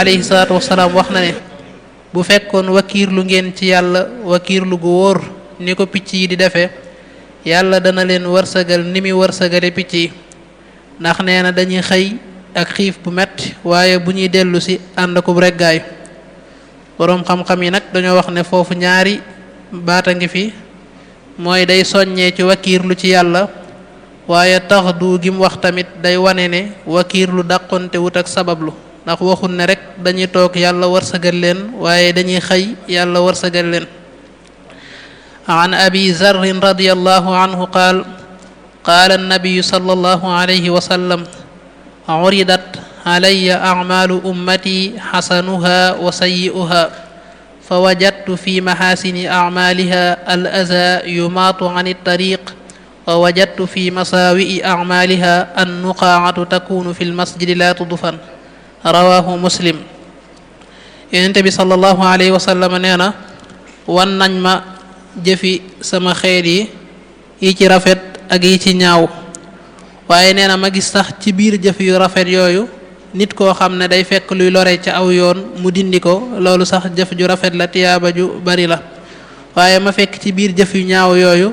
alayhi wax na ne bu fekkoon wakiirlu ngeen ci yàlla wakiirlu gu wóor ni ko picc yi di defee yàlla dana leen warsagal ni muy warsagale picc yi ndax nee na dañuy xëy ak xiif bu metti waaye bu ñuy dellu si ànd ko reggaay boroom xam-xam yi nag dañoo wax ne foofu ñaari baata ngi fi mooy day soññee ci wakiirlu ci yàlla waaye tax du gi wax tamit day wane ne wakiirlu dàqonte wut ak sabablu ndax waxul ne rek dañuy toog yàlla warsagal leen waaye dañuy xëy yàlla warsagal leen an abi zarrin radiallahu anhu qaal qaala annabiyu sallallahu alayhi wa sallam uridat alayya acmaalu ummati xasanuha wa sayi'uha fa wajadtu fi maxaasini acmaaliha al aza yumaatu an ittariq wa wajadtu fi masaawi'i acmaaliha annuqaacatu takunu fi lmasjidi laa tudfan rawaahu muslim yonent bi sallallahu alayhi wa sallam nee na wan nañ ma jëfi sama xeet yi yi ci rafet ak yi ci ñaaw waaye nee na ma gis sax ci biir jëf yu rafet yooyu nit koo xam ne day fekk luy lore ca aw yoon mu dindi ko loolu sax jëf ju rafet la tiyaaba ju bari la waaye ma fekk ci biir jëf yu ñaaw yooyu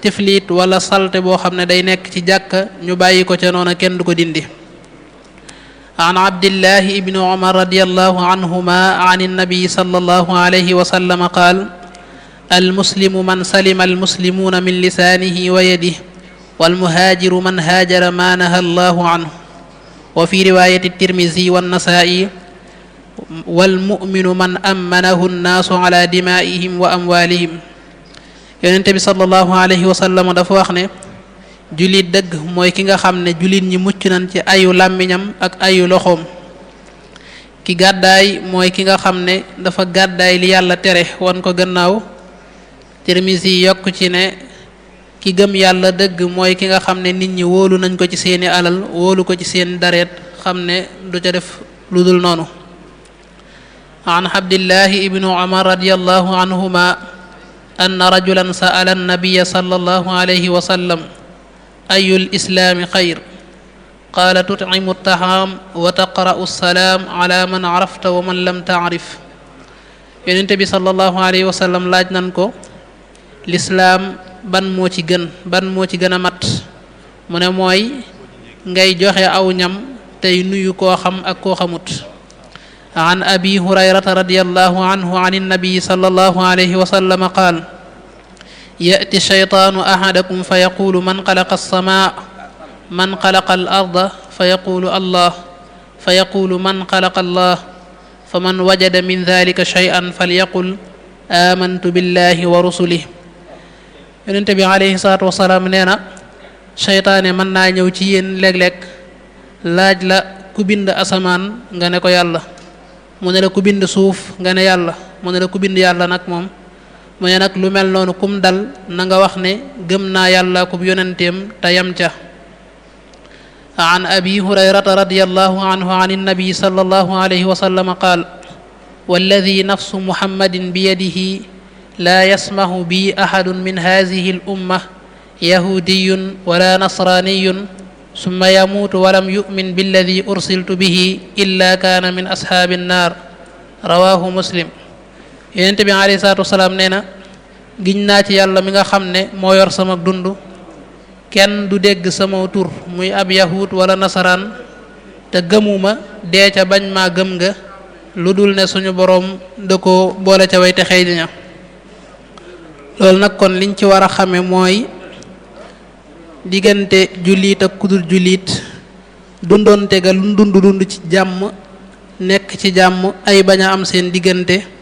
tifliit wala salte boo xam ne day nekk ci jàkka ñu bàyyi ko ca noona kenn du ko dindi an abdillahi ibni umar radiallahu anhuma an annabii sallallahu alayhi wa sallam qaal almuslimu man salima almuslimuuna min lisaanihi wa yadihi walmuhaajiru man haajara maa naha allahu anhu wa fi riwaayati tirmisi wannasaa'i walmuminu man ammanahu nnaasu ala dimaa'ihim wa amwaalihim yonente bi sallallahu alayhi wa sallam dafa wax ne jullit dëgg mooy ki nga xam ne jullit ñi mucc nañ ci ayu làmmiñam ak ayu loxoom ki gàddaay mooy ki nga xam ne dafa gàddaay li yàlla tere wan ko gannaaw Tirmisi yokk ci ne ki gëm yàlla dëgg mooy ki nga xam ne nit ñi wóolu nañ ko ci seeni alal wóolu ko ci seen dareet xam ne du ca def lu dul noonu an abdillahi ibnu umar radiyallahu anhuma anna rajulan sa'ala an-nabiyya sallallahu alayhi wa أي الإسلام خير قال تطعم الطعام وتقرأ السلام على من عرفت ومن لم تعرف wa sallam laaj nan ko lislaam ban moo ci gën ban moo ci gën a mat mu ne mooy ngay joxe aw ñam tey nuyu ko xam ak koo xamut an abi hurayrata radiallahu anhu an innabii sallallahu alayhi wa sallam qaal يأتي الشيطان أحدكم فيقول من خلق السماء من خلق الأرض فيقول الله فيقول من خلق الله فمن وجد من ذلك شيئا فليقل آمنت بالله ورسله yonent bi aleyhi salaatu na seytaane ñëw ci yéen léeg-léeg laaj la ku bind asamaan nga ne ko yàlla mu la ku bind suuf nga ne yàlla mu la ku bind yàlla moom mu ne nag lu mel noonu kum dal na nga wax ne gëm naa yàlla kub yonenteem te yam ca an abi hurayrata radiallahu anhu an annabi sallallahu alayhi wa sallam qaal walladi nafsu muhammadin biyadihi laa yasmahu bi ahadun min hadihi al umma yahudiyun wala nasraniyun summa yamuutu walam yumin billadi ursiltu bihi illa kaana min ashaabi nnaar rawaahu muslim yonent bi alayhi salaatu wasalaam nee na giñ naa ci yàlla mi nga xam ne moo yor sama dund kenn du dégg sama tur muy ab yahud wala nasaraan te gëmuma dee ca bañ ma gëm nga lu dul ne suñu boroom da ko boole ca way te xëy ña loolu nag kon liñ ci war a xame mooy diggante jullit ak kudur jullit dundonte ga lu dund dund ci jàmm nekk ci jàmm ay bañ a am seen diggante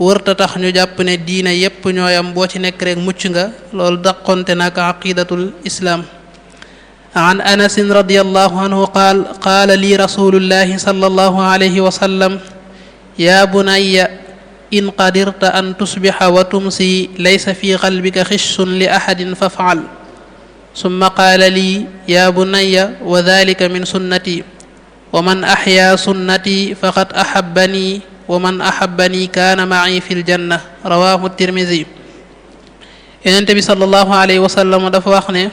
wërta tax ñu jàpp ne diine yépp ñooyam boo ci nekk rek mucc nga loolu daqonte nag aqidatul islaam an anasin radiallahu anhu qaal qaala lii rasulullahi sallallahu alayhi wa sallam yaa bunayya in qadirta an tusbixa wa tumsi laysa fi qalbika xissun li axadin fafcal summa qaala lii yaa bunayya wa dalika min sunnati wa man axyaa sunnati faqad axabbanii wa man ahabbani kaana ma'i fi ljanna rawahu tirmisi yonente bi sallallahu alayhi wa dafa wax ne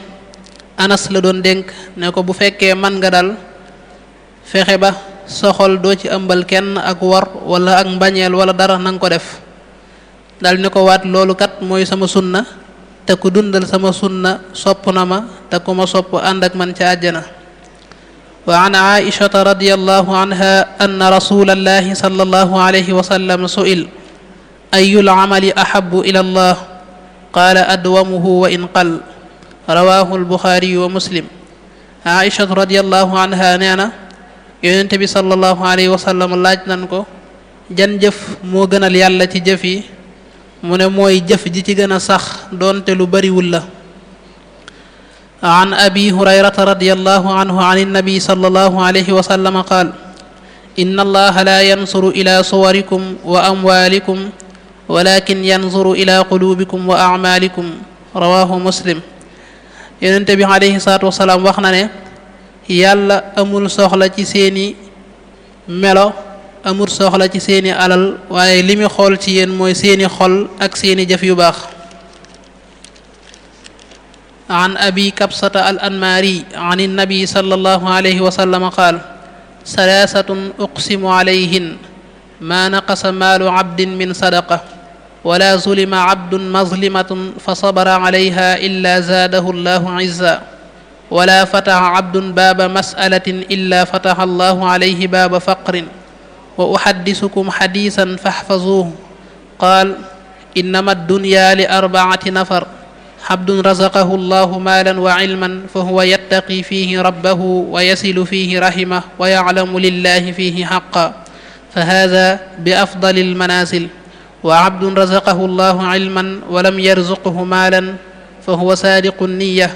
anas la doon dénk ne ko bu fekkee man nga dal fexe ba soxol doo ci ëmbal kenn ak war wala ak mbañeel wala dara nanga ko def dal ne ko waat loolu kat mooy sama sunna te ku dundal sama sunna sopp na ma te ku ma sopp ànd ak man ca àjjana وعن عائشة رضي الله عنها أن رسول الله صلى الله عليه وسلم سئل أي العمل أحب إلى الله قال أدومه وإن قل rawaahu albuxaari wa muslim aïchatu radiallahu anha nee na yonente bi salallahu aleyhi wasallam laaj nan ko jan jëf moo gënal yàlla ci jëf yi mu ne mooy jëf ji ci gën a sax doonte lu bariwul la an abi hurayrata radiyallahu anhu an annabi sallallahu alayhi wa sallam qaal inna allaha la yansuru ila suwarikum wa amwalikum walakin yanzuru ila qulubikum wa acmaalikum rawahu muslim yonent wax na ne yàlla amul soxla ci seeni melo amul soxla ci seeni alal waaye li mu xool ci yéen mooy seeni xol ak seeni jëf yu baax an abi kabsata al anmaari an innabi sallallahu alayhi wa sallama qaal salaasatun uqsimu alayhin maa naqasa maalu abdin min sadaqa wala zulima abdun mazlimatun fa sabara alayha illa zaadahu allahu izza wala fataha abdun baaba masalatin illa fataha allahu alayhi baaba faqrin wa uxaddisukum xadiisan faxfazuuhu qaal innama addunya li arbaati nafar abdun razaqahu allahu maalan wa ilman fa huwa yattaqi fihi rabbahu wa yasilu fihi rahimah wa yaclamu lillahi fihi xaqa fa hada bi afdali almanasil wa abdun razaqahu allahu ilman wa lam yarzuqhu maalan fa huwa saadiqu niya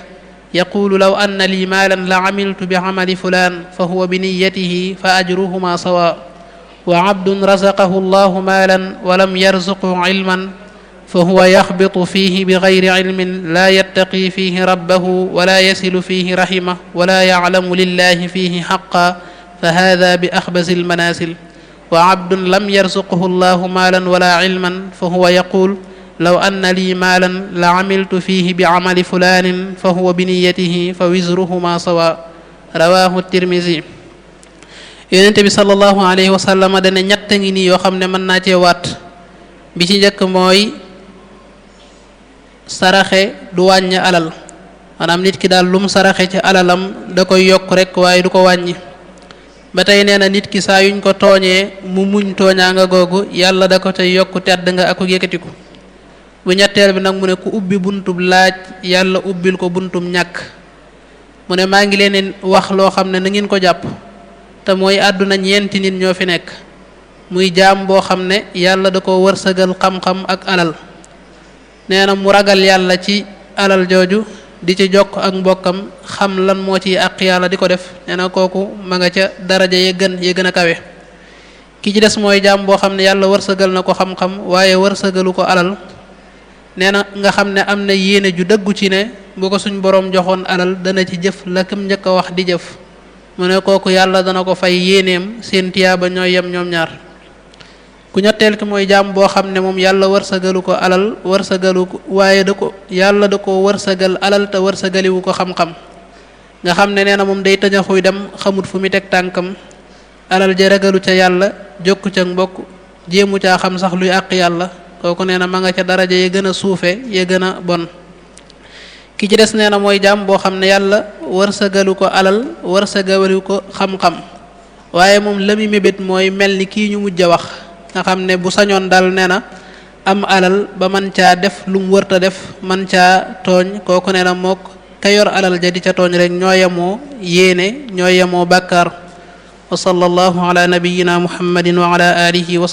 yaquulu law anna lii maalan la camiltu bi camali fulaan fa huwa biniyatihi fa ajruhuma sawa wa abdun razaqahu allahu maalan wa lam yarzuqhu cilman فهو يخبط فيه بغير علم لا يتقي فيه ربه ولا يصل فيه رحمه ولا يعلم لله فيه حقا فهذا بأخبث المنازل وعبد لم يرزقه الله مالا ولا علما فهو يقول لو أن لي مالا لعملت فيه بعمل فلان فهو بنيته فوزرهما سواء rawaahu tirmisi yonent bi sallallahu alayhi wa sallam dana ñett ngi nii yoo xam ne mën naa cee waat bi ci njëkk mooy saraxe du wàññi alal maanaam nit ki daal lu saraxe ci alalam da koy yokk rek waaye du ko wàññi ba tey nee na nit ki saa yuñ ko tooñee mu muñ tooñaa nga googu yàlla da ko tey yokk tedd nga ak yëkkatiku bu ñetteel bi nag mu ne ku ubbi buntub laaj yàlla ubbil ko buntum ñàkk mu ne maa ngi leen wax loo xam ne na ngeen ko jàpp te mooy àdduna ñeenti nit ñoo fi nekk muy jaam boo xam ne yàlla da ko wërsëgal xam-xam ak alal nee na mu ragal yàlla ci alal jooju di ci jokk ak mbokkam xam lan moo ci àq yàlla di ko def nee na kooku ma nga ca daraja ya gën ya gën a kawe ki ci des mooy jaam boo xam ne yàlla wërsëgal na ko xam-xam waaye wërsëgalu ko alal nee na nga xam ne am na yéene ju dëggu ci ne bu ko suñ boroom joxoon alal dana ci jëf la kam njëkk wax di jëf mu ne kooku yàlla dana ko fay yéeneem seen tiyaaba ñooy yem ñoom ñaar ku ñetteel ki mooy jaam boo xam ne moom yàlla wërsëgalu ko alal wërsëgalu ko waaye da ko yàlla da ko wërsëgal alal te wërsëgaliwu ko xam nga xam ne nee na moom day tëñaxuy dem xamut fu mu teg tànkam alal ja ragalu ca yàlla jokku ca mbokk jéemu caa xam sax luy àq yàlla kooku nee na ma nga ca daraja ya gën a suufe ya a bon ki ci des nee na mooy jaam boo xam ne yàlla wërsëgalu ko alal wërsëgalu ko xam-xam waaye moom la mu mébét mooy mel ni kii ñu mujj a wax nga xam ne bu sañoon dal nee na am alal ba man caa def lum mu wërta def man caa tooñ kooku nee na mook ka alal ja di ca tooñ rek ñoo yemoo yéene ñoo yemoo bàkkaar wa sallallahu ala nabiyina muhammadin wa ala alihi wa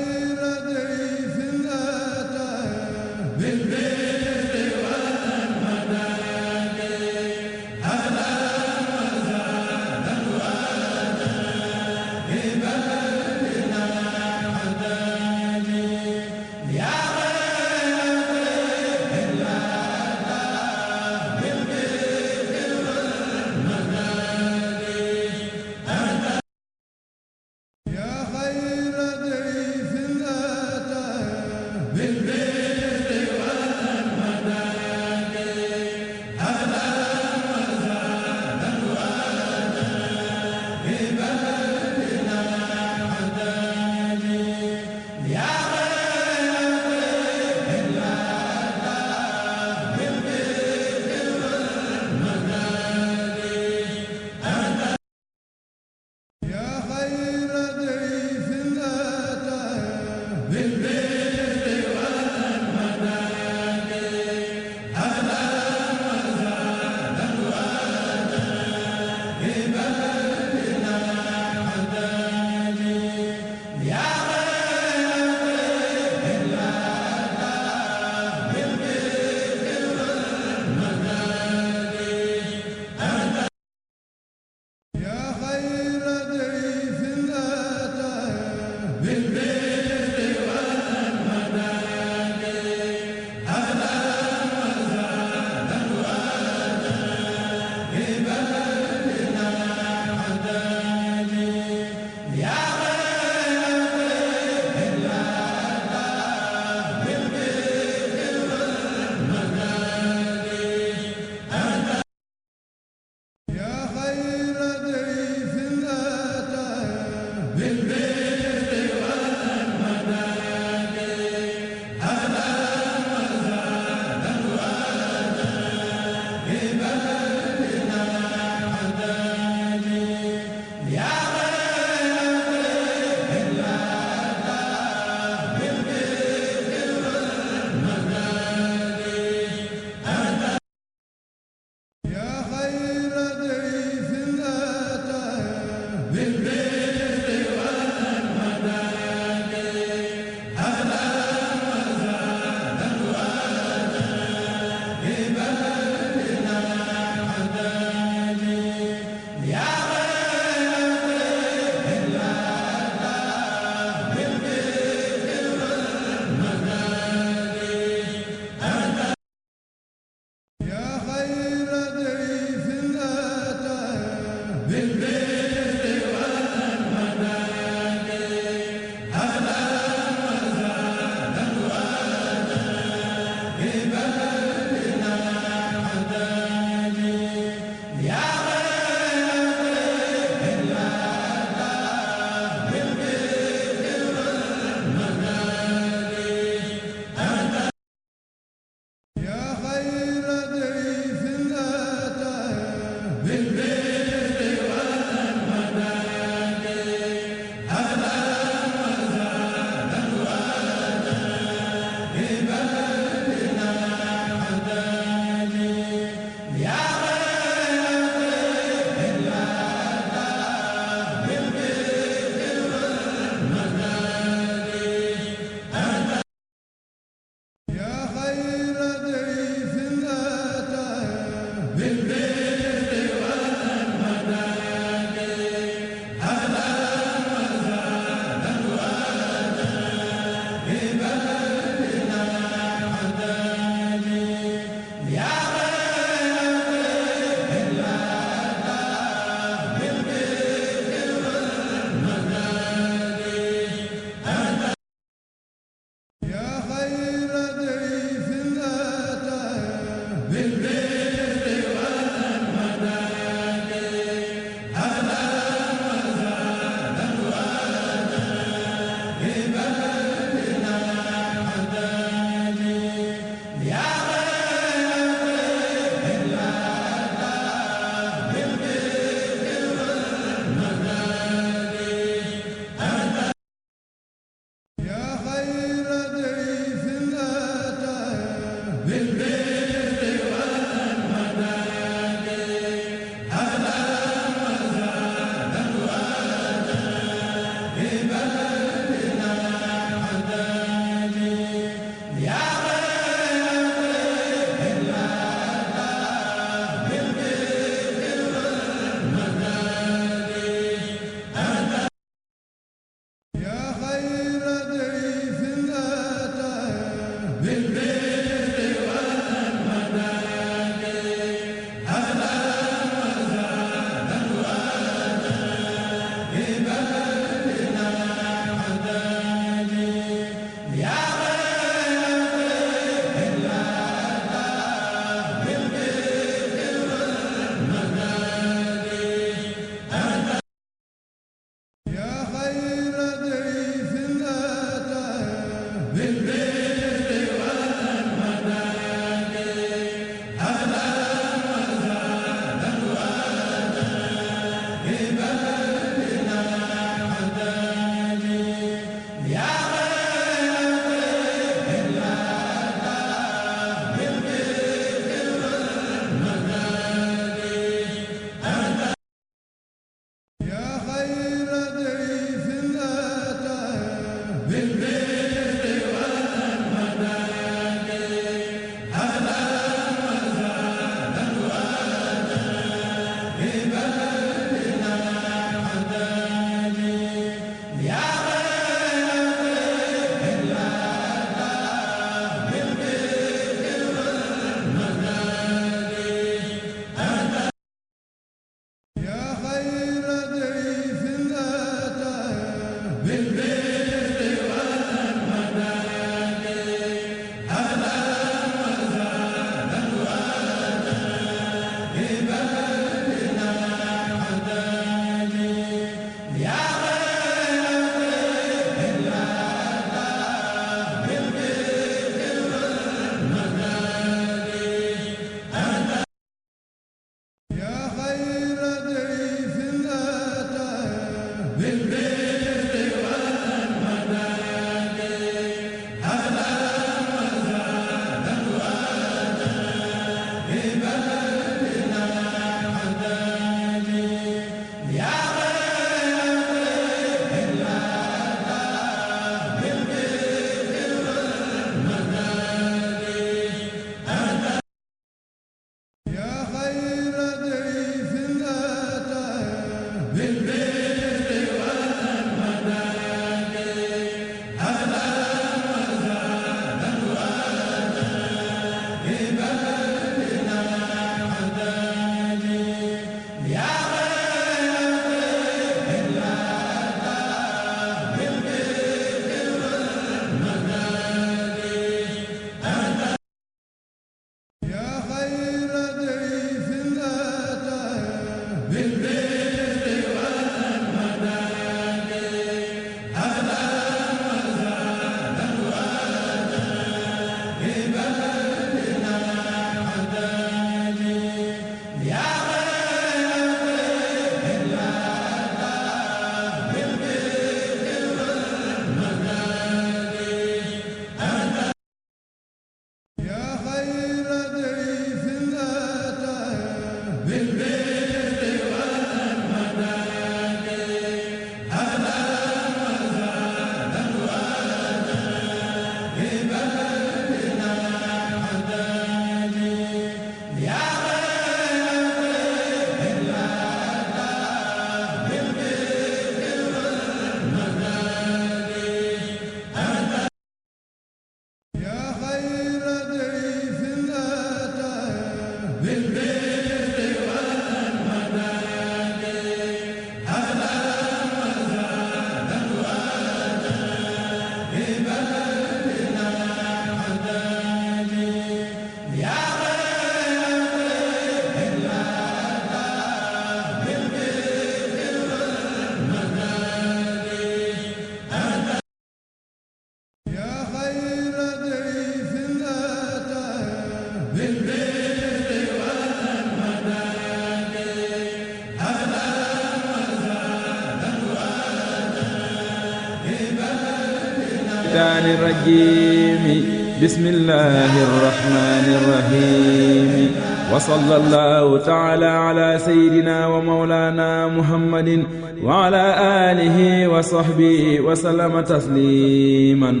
صلى الله تعالى على سيدنا ومولانا محمد وعلى آله وصحبه وسلم تسليما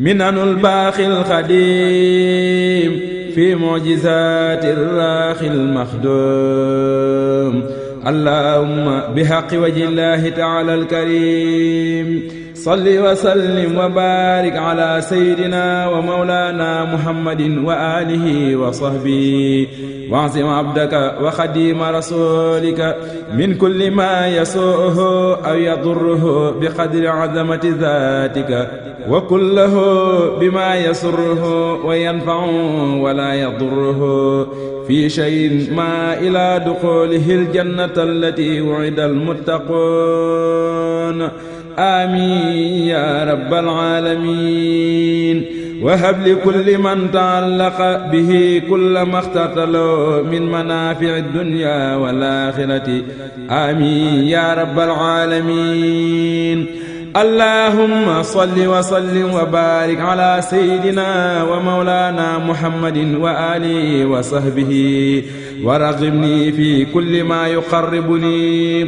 منن الباخي القديم في معجزات الراخي المخدوم اللهم بحق وجه الله تعالى الكريم salli wa sallim wa baarik ala sayyidina wa mawlaana muhammadin wa aalihi wa sahbihi waasim abdaka wa xadiima rasuulika min kulli maa yasuuhu aw yadurruhu bi qadri azamati zaatika wa kullahu bimaa yasurruhu wa yanfacuhu wa laa yadurruhu fii shay'in maa ilaa duxuulihi aljannata allatii wu'ida almuttaquun آمين يا رب العالمين وهب لكل من تعلق به كل ما اخترت له من منافع الدنيا والآخرة آمين يا رب العالمين اللهم صل وسلم وبارك على سيدنا ومولانا محمد وآله وصحبه waragimni fi kulli ma yuqarribuni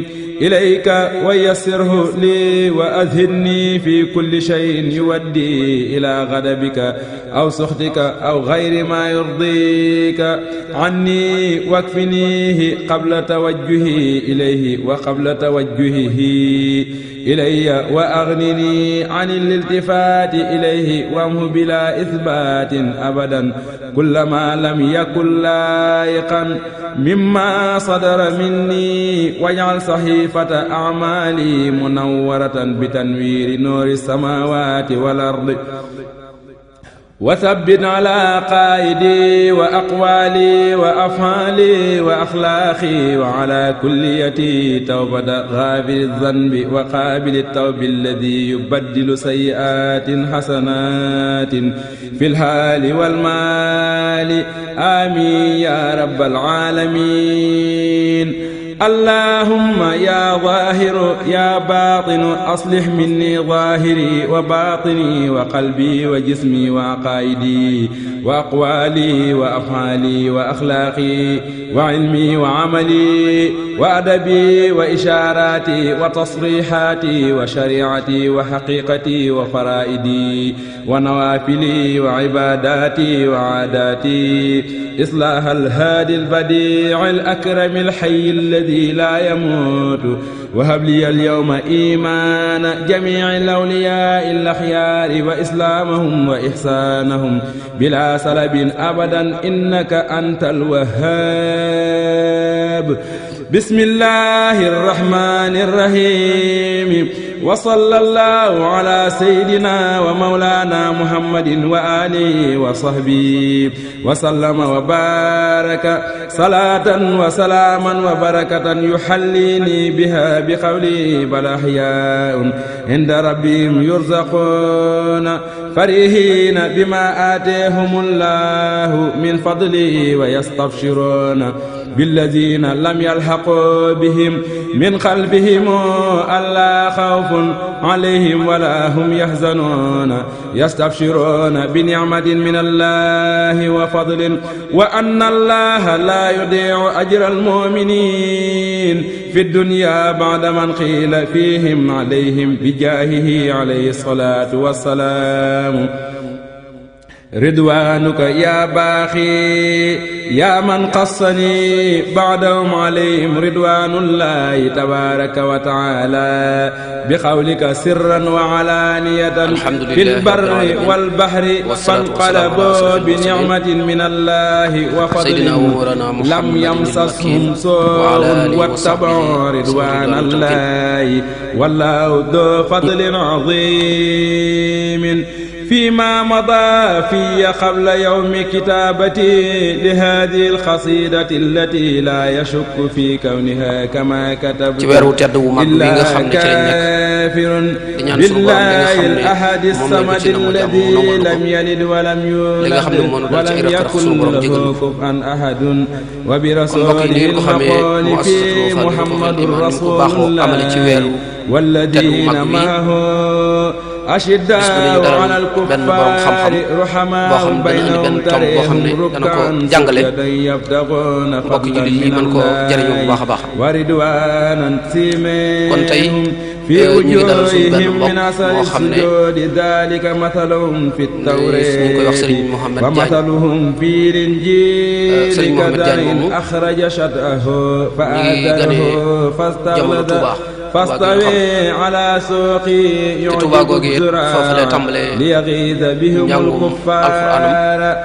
ilayka wa yassirhu li wa adhinni fi kulli shay'in yuwaddi ila ghadabika aw suxtika aw ghayri ma yurdika anni wakfinihi qabla tawajjuhi ilayhi wa qabla tawajjuhihi ilayya wa aghnini an al-iltifati ilayhi wamhu bila ithbatin abadan kullama lam yakun layiqan mimma sadara minni wajal saxiifata amaali munawwaratan bi tanwiiri noori samaawaati wal ardi وثبت على قائدي وأقوالي وأفعالي وأخلاقي وعلى كليتي توبة غافر الذنب وقابل التوب الذي يبدل سيئات حسنات في الحال والمال آمين يا رب العالمين allahumma ya zahiru ya batinu aslih minni zahiri wa batini wa qalbi wa jismi wa aqaidi wa aqwali wa af'ali wa akhlaqi wa ilmi wa amali wa adabi wa isharati wa tasrihati wa shari'ati wa haqiqati wa faraidi wa nawafili wa ibadati wa adati islahal hadi al badi' al akram al hayy الذي لا يموت وهب لي اليوم إيمان جميع الأولياء الأخيار وإسلامهم وإحسانهم بلا سلب أبدا إنك أنت الوهاب bismillahi irrahmani irrahimi wa sallallahu ala sayyidina wa mawlana muhammadin wa alihi wa sahbihi wa sallama wa baraka salatan wa salaaman wa barakatan yuhallini biha bi qawli bal ahyaun inda rabbihim yurzaquna farihina bima atahumullahu min fadlihi wa yastabshiruna بالذين لم يلحقوا بهم من خلفهم ألا خوف عليهم ولا هم يحزنون يستبشرون بنعمة من الله وفضل وأن الله لا يضيع أجر المؤمنين في الدنيا بعد من قيل فيهم عليهم بجاهه عليه الصلاة والسلام ridwaanuka yaa baaxi yaa man xassani baadahum alayhim ridwaanullahi tabaaraka wa taala bi xawlika sirran wa alaaniyatan fil barri wal bahri fanqalaboo bi nicmatin min allahi wa fadlin lam yamsashum soowun wattabau ridwaanallahi wallaahu doo fadlin aziim fi ma mada fiya qabla yawmi kitaabati li haadihi alxasidati allati laa yashukku fi kawniha kama katabtu ci weer wu tedd wu mag bi nga xam ne ci lañ nekk di ñaan suñu borom bi nga xam ne moom lañ ko ci namm jàmm mu nangu ko li nga xam ne moo nu dal ci ay rafet suñu borom jégal ñu kon mbokk yi ni ngeen ko xamee mu asasatu Wafa bi ko xel iman ni ko baaxoo amale ci weeru tedd wu mag bi bis bu ne ñu dalal benn borom xam-xam boo xam dana indi benn tomb boo xam ne dana ko jàngale mbokk jullit yi mën koo jëriñoo bu baax a baax kon tey euh, ñu ngi dalal suñu benn mbokk boo xam ne ñu ngi koy wax Serigne Mouhamed Diagne euh, Serigne Mouhamed Diagne moomu ñu ngi gane jamono Touba ci Tuubaa googu it foofu lay tàmbalee njàngum alxuraanam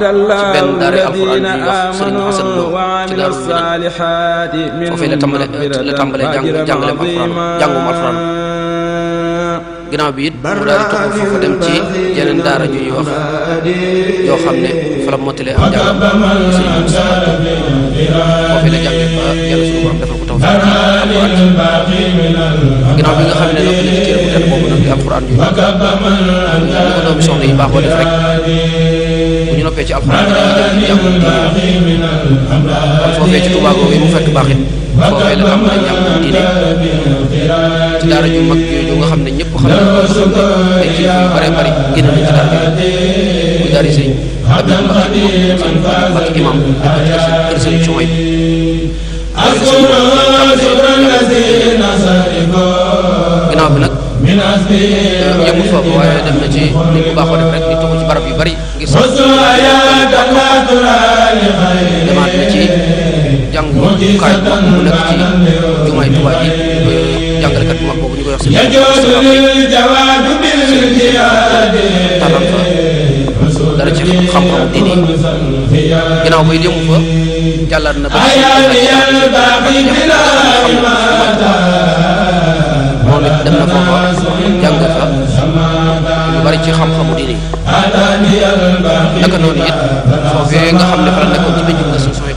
ci benn daaray alxuraan bi ñuy wax Serigne Hasan Lo ci Daaru Minam foofee la tàmbalee la tàmbalee jàng jàngaleem alxuraan jàngum alxuraan ginnaaw bi it mu daal di toxu foofu dem ci yeneen daara ju ñuy wax yoo xam ne. fa la mottalee am jàngam foofu la jàngee ba ah, yàlla suñu borom defal ko taw ginnaaw la ci bu jàng foofee ci tubaab boobu mu fekk baax it foofee la am na jàng diine ci daara ju mag yooyu nga xam ne ñëpp xam nañ ay kilifa yu bare bari génn nañ ci daara bi muy daari sëriñ Abdou Mbacké Mbacké imam kër sëriñ Soumaï ginnaaw bi nag yemul foofu waaye dem na ci ni mu baaxoo def rek di toog ci barab yu bari ngir sax demaat na ci jàngu kaay bu nekk ci jumaay Tuubaa ji jàngalekat bu mag boobu ñu koy wax sëñ Abdou dara ci xam-xam diine ginnaaw ba yëngu fa jàllaat na ba moom it dem na foofa jàng fa lu bari ci xam-xamu diine naka noonu it foofee nga xam ne fa la nekkoon ci bëj-bëj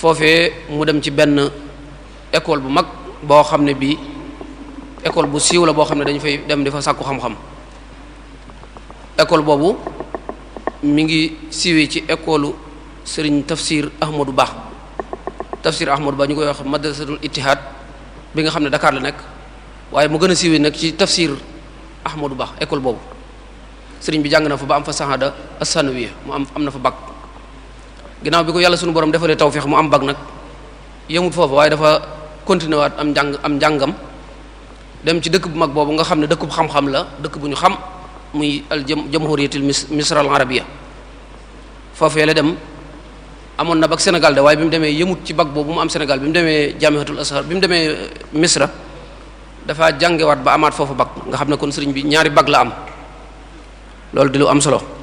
foofee mu dem ci benn école bu mag boo xam ne bii école bu siiw la boo xam ne dañu fay dem di fa sàkku xam-xam école boobu mu ngi siiwee ci école sëriñ tafsir ahmadou ba tafsir ahmadou ba ñu koy wax madrasatul ittihaad bi nga xam ne Dakar la nekk waaye mu gën a siiwee nag ci tafsir ahmadou baax école boobu sëriñ bi jàng na fa ba am fa sahada asanawiya mu am am na fa bac ginnaaw bi ko yàlla suñu borom defalee tawféex mu am bag nag yemut foofu waaye dafa continué waat am njàng am njàngam dem ci dëkk bu mag boobu nga xam ne dëkk bu xam-xam la dëkk bu ñu xam muy al jamhuriyatul misra al arabia foofee la dem amoon na bag Sénégal de waaye bi mu demee yemut ci bag boobu mu am Sénégal bi mu demee jaamihatul Azhar bi mu demee misra dafa jàngewaat ba amaat foofu bag nga xam ne kon sëriñ bi ñaari bag la am loolu di am solo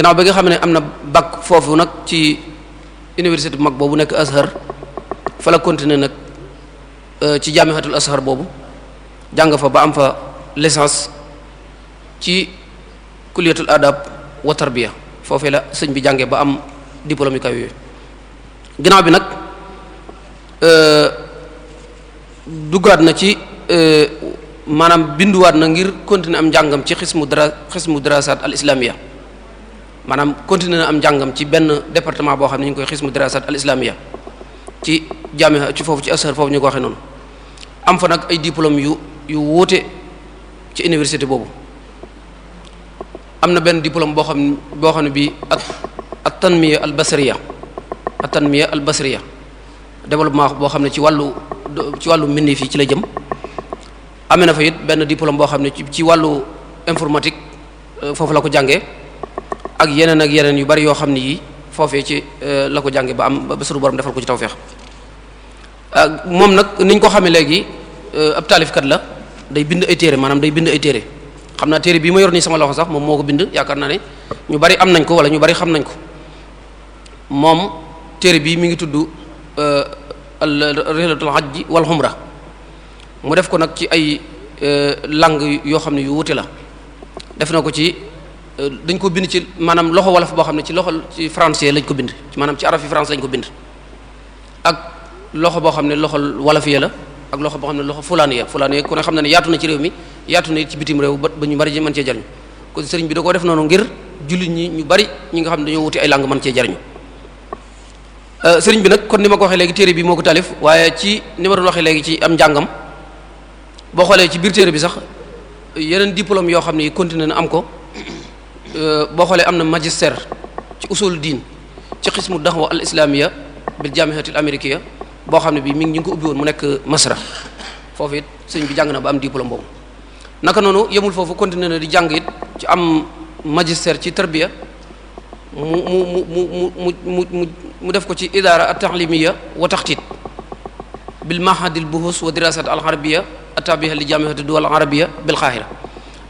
ginnaaw bi nga xam ne am na bac foofu nag ci université bu mag boobu nekk Azhar fala la continuer nag euh, ci jaamiatul Azhar boobu jàng fa ba am fa licence ci kulliyatul adab wa tarbiya foofee la sëñ bi jàngee ba am diplôme yu kaw bi nag euh, duggaat na ci euh, maanaam binduwaat na ngir continuer am njàngam ci xismu dara xismu darasaat al islamiyya maanaam continué na am njàngam ci benn département boo xam ne ñu ngi koy xismu dirasat al islamia ci jaamiha ci foofu ci Azhar foofu ñu ko waxee noonu am fa nag ay diplôme yu yu wuute ci université boobu am na benn diplôme boo xam boo xam ne bii ak at tanmiya al basriya at al basriya développement boo xam ne ci wàllu ci wàllu mbindi fii ci la jëm amee na fa it benn diplôme boo xam ne ci wàllu informatique euh, foofu la ko jànge ak yeneen ak yeneen yu bari yoo xam ne yii foofee ci euh, la ko jànge ba am ba sunu borom defal ko ci tawféex ak euh, moom nag niñ ko xamee léegi euh, ab taalifkat la day bind ay téere maanaam day bind ay téere xam naa téere bi ma yor sama loxo sax moom moo ko bind yaakaar ne ñu bari am nañ ko wala ñu bari xam nañ ko moom téere bii mi ngi tudd rihlatul hajji wal umra mu def ko nag ci ay langue yoo xam ne yu wute la def na ko ci dañ ko bind ci maanaam loxo wolof boo xam ne ci loxo ci français lañ ko bind maanaam ci araf yi France lañ ko bind ak loxo boo xam ne loxo wolof ya la ak loxo boo xam ne loxo fulaani ya fulaani ya ku ne xam na ne yaatu na ci réew mi yaatu na ci bitim réew ba ba ñu bari bi da koo def noonu ngir jullit ñi ñu bari ñi nga xam ne dañoo wuti ay langue mën cee jariñu euh, sëriñ bi nag kon ni ma ko waxee léegi téere bi moo ko taalif waaye ci ni ma léegi ci am njàngam boo xoolee ci biir téere bi sax yeneen diplôme yoo xam ne yi continué na am ko Euh, boo xoolee am na magistère ci usul diin ci xismu daxwa al islamiya bil jamihatil amérikiya boo xam ne bii mi ngi ñu ngi ko ubbi woon mu nekk masra foofu it sëñ bi jàng na ba am diplôme boobu naka noonu yemul foofu continué na di jàng it ci am magistère ci tarbiya mu mu mu mu mu mu mu mu def ko ci idaara at taxlimiya wa taxtit bil mahadil buhus wa dirasat al arabiya attabiha li jamihati duwal arabiya bil xaahira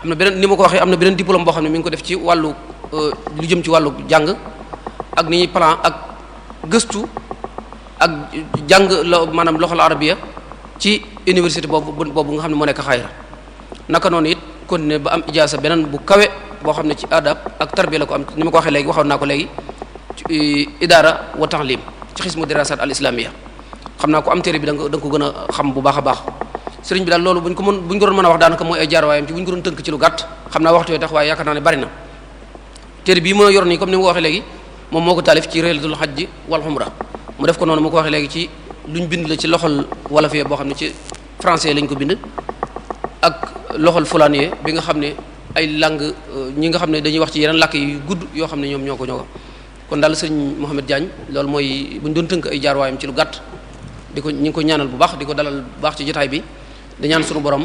am beneen ni ma ko waxee am na beneen diplôme boo xam ne mi ngi ko def ci wàllu euh, lu jëm ci wàllu jàng ak ni ñuy plan ak gëstu ak jàng lo maanaam loxol arabiya ci université boobu boobu nga xam ne moo nekk xayra naka noonu it kon ne ba am ijaasa beneen bu kawe boo xam ne ci adab ak tarbiya la ko am ni ma ko waxee léegi waxoon naa ko léegi euh, idaara wa taalim ci xismu dirasat al islamiya xam naa ko am téere bi da nga da ko gën a xam bu baax a baax sëriñ bi daal loolu buñ ko mën buñ ko doon mën a wax daanaka mooy ay jaarwaayam ci buñ ko doon tënk ci lu gàtt xam naa waxtu na téere bii ma yor nii comme ni waxee léegi moom moo ko taalif ci Laylatul Hajj wal Umra mu def ko noonu ma ko waxee léegi ci luñ bind la ci loxol wolof yee boo xam ne ci français lañ ko bind ak loxol fulaan yee bi nga xam ne ay lang euh, ñi nga xam ne dañuy wax ci yeneen làkk yu gudd yoo xam ne ñoom ñoo ko ñoo kon daal sëriñ Mouhamed Diagne loolu mooy buñ doon tënk ay jaarwaayam ci lu gàtt di ko ñu ngi ko ñaanal bu baax di ko dalal bu baax ci jotaay bi di ñaan suñu borom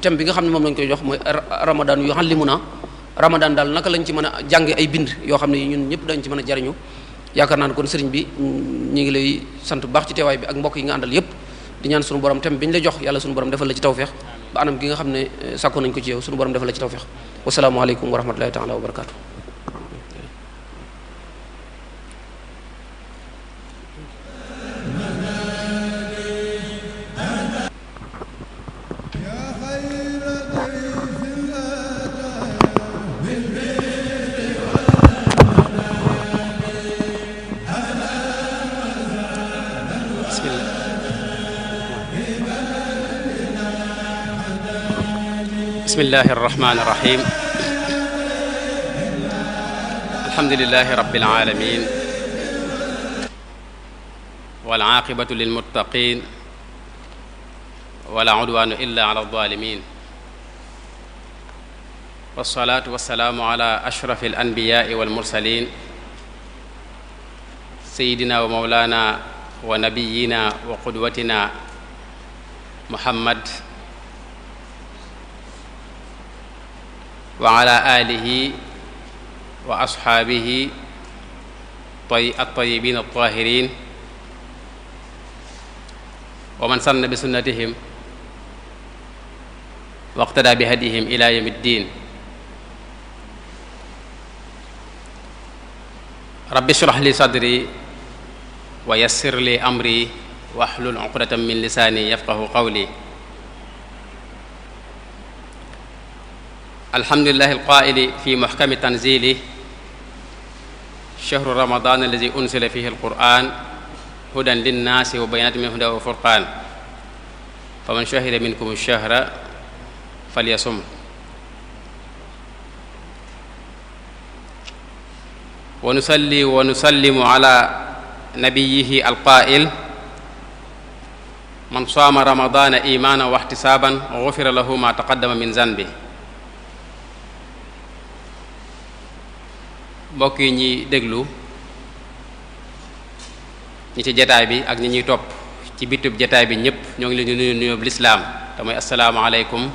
thème bi nga xam ne moom lañ koy jox mooy ramadan yu xallimu a ramadan daal naka lañ ci mën a jànge ay bind yoo xam ne ñun ñëpp dañ ci mën a jariñu yaakaar naa ne kon sëriñ bi ñu ngi lay sant baax ci teewaay bi ak mbokk yi nga àndal yëpp di ñaan suñu borom thème bi ñu la jox yàlla suñu borom defal la ci tawfeex ba anam gi nga xam ne eh, sàkku nañ ko ci yow suñu borom defal la ci tawfeex wasalaamualeykum wa rahmatullahi taala wa barakatu bismillahi arrahmani irrahim alhamdulilahi rabbil alamin walaqibatu lilmuttaqin wala udwanu illa ala alzalimin wassalatu wassalaamu ala ashrafi alanbiyai walmursalin sayidina wa maulana wa nabiyina wa qudwatina muhammad wa ala alihi wa ashaabihi tay at-tayyibin at-tahirin wa man sanna bi sunnatihim waqtada bi hadihim ila yawmi ddin rabbi shrah li sadri wa yassir li amri wahlul uqdatan min lisaani yafqahu qawli alhamdulilahi alqaili fi muhkami tanzili chahru ramadan alladi unsila fihi alquran hudan linnaasi wa bayinatin min huda wa furqan faman shahida minkum ash-shahra falyasum wa nusalli wa nusallimu ala nabiyihi alqail man saama ramadana imanan wa ihtisaban ghufira lahu ma taqaddama min zanbi mbokk yi ñuy déglu ñi ci jataay bi ak ñi ñuy topp ci bitub jataay bi ñëpp ñoo ngi leen di nuyu nuyoob lislaam te mooy asalaamaaleykum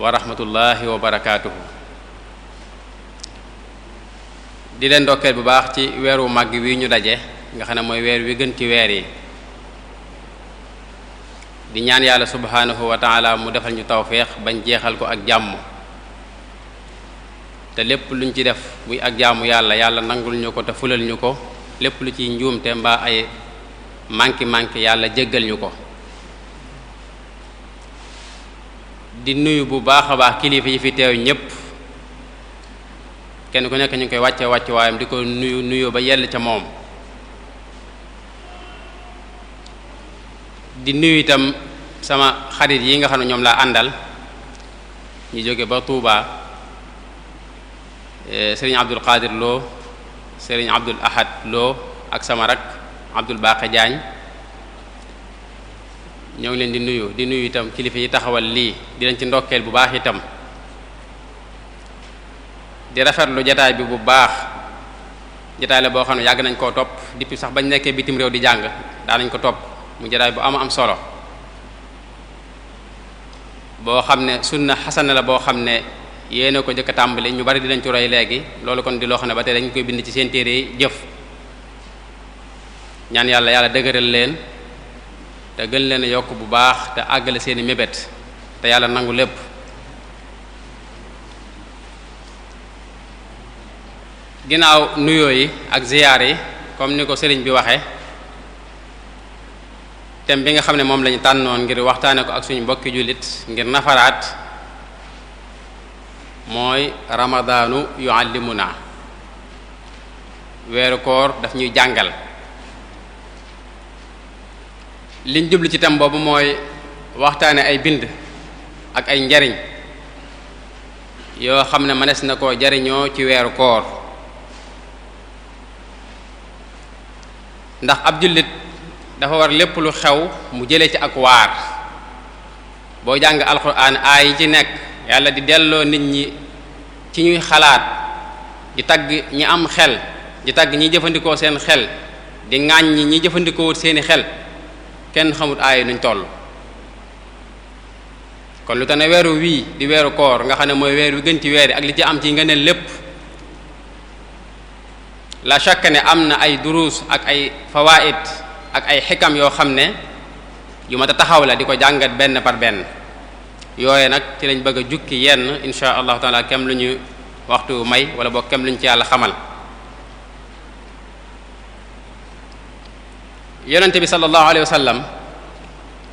wa rahmatullahi wa di leen ndokkeel bu baax ci weer wu màgg wi ñu daje nga xam ne mooy weer wi gën ci weer yi di ñaan yàlla subhaanahu wa taala mu defal ñu tawféex bañ jeexal ko ak jàmm te lépp luñ ci def muy ak jaamu yàlla yàlla nangul ñu ko te fulal ñu ko lépp lu ciy njuumte mbaa ay manki manki yàlla jéggal ñu ko di nuyu bu baax a baax kilifa yi fi teew ñépp kenn ku nekk ñu koy wàcce wàcc waayam di ko nuyu nuyu ba yell ca moom di nuyu itam sama xarit yi nga xam ne ñoom laa àndal ñu jóge ba tuubaa Eh, seriñ Abdul Qadir loo sëriñ Abdul Ahad Lo ak sama rak Abdul Baqi Diagne ñoo ngi leen di nuyu di nuyu itam kilifa yi taxawal lii di leen ci ndokkeel bu baax itam di rafetlu jataay bi bu baax jataay la boo xam ne yàgg nañ koo topp depuis sax bañ nekkee bitim réew di jàng daa nañ ko topp mu jataay bu am am solo boo xam ne sunna xasana la boo xam ne yéena ko njëkk a tàmbali ñu bari dinañ ci roy léegi loolu kon di loo xam ne ba tey dañ koy bind ci seen téere jëf ñaan yàlla yàlla dëgëral leen te gën leen yokk bu baax te àggale seeni mébét te yàlla nangu lépp ginnaaw nuyoo yi ak ziyaar yi comme ni ko sëriñ bi waxe thème bi nga xam ne moom lañu tànnoon ngir waxtaane ko ak suñu mbokki jullit ngir nafaraat mooy ramadaanu yuallimuna weeru koor daf ñuy jàngal liñ jublu ci tam boobu mooy waxtaane ay bind ak ay njariñ yoo xam ne mënees na koo jariñoo ci weeru koor ndax ab jullit dafa war lépp lu xew mu jële ci ak waar boo jàng alxuraan aay yi ci nekk yàlla di delloo nit ñi ci ñuy xalaat di tagg ñi am xel di tagg ñi jëfandikoo seen xel di ŋàññi ñi jëfandikoo seeni xel kenn xamut aaya nuñ toll kon lu tax ne weeru wii di weeru koor nga xam ne mooy weer wi gën ci weer yi ak li ci am ci nga lépp la chaque ne am na ay duruus ak ay fawaait ak ay xikam yoo xam ne yu ma ta taxaw la di ko jàngat benn par benn yooye nag ci lañ bëgg jukki yenn insha allahu taala kem lu ñu waxtu may wala boog kem lu ñu ci yàlla xamal yonente bi sallallahu alayhi wa sallam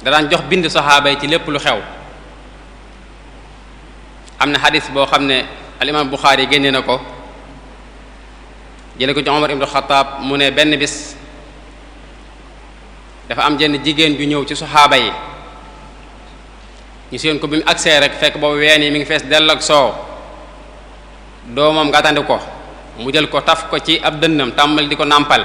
daan jox bind saxaaba yi ci lépp lu xew am na xadis boo xam ne al imam Buxaari génne na ko jële ko ci Omar ibnu Xataab mu ne benn bis dafa am jenn jigéen ju ñëw ci saxaaba yi ñu seen ko bi mu agsee rek fekk boobu ween yi mu ngi fees dell ak soow doomam nga tandi ko mu jël ko taf ko ci ab dënnam tàmbali di ko nàmpal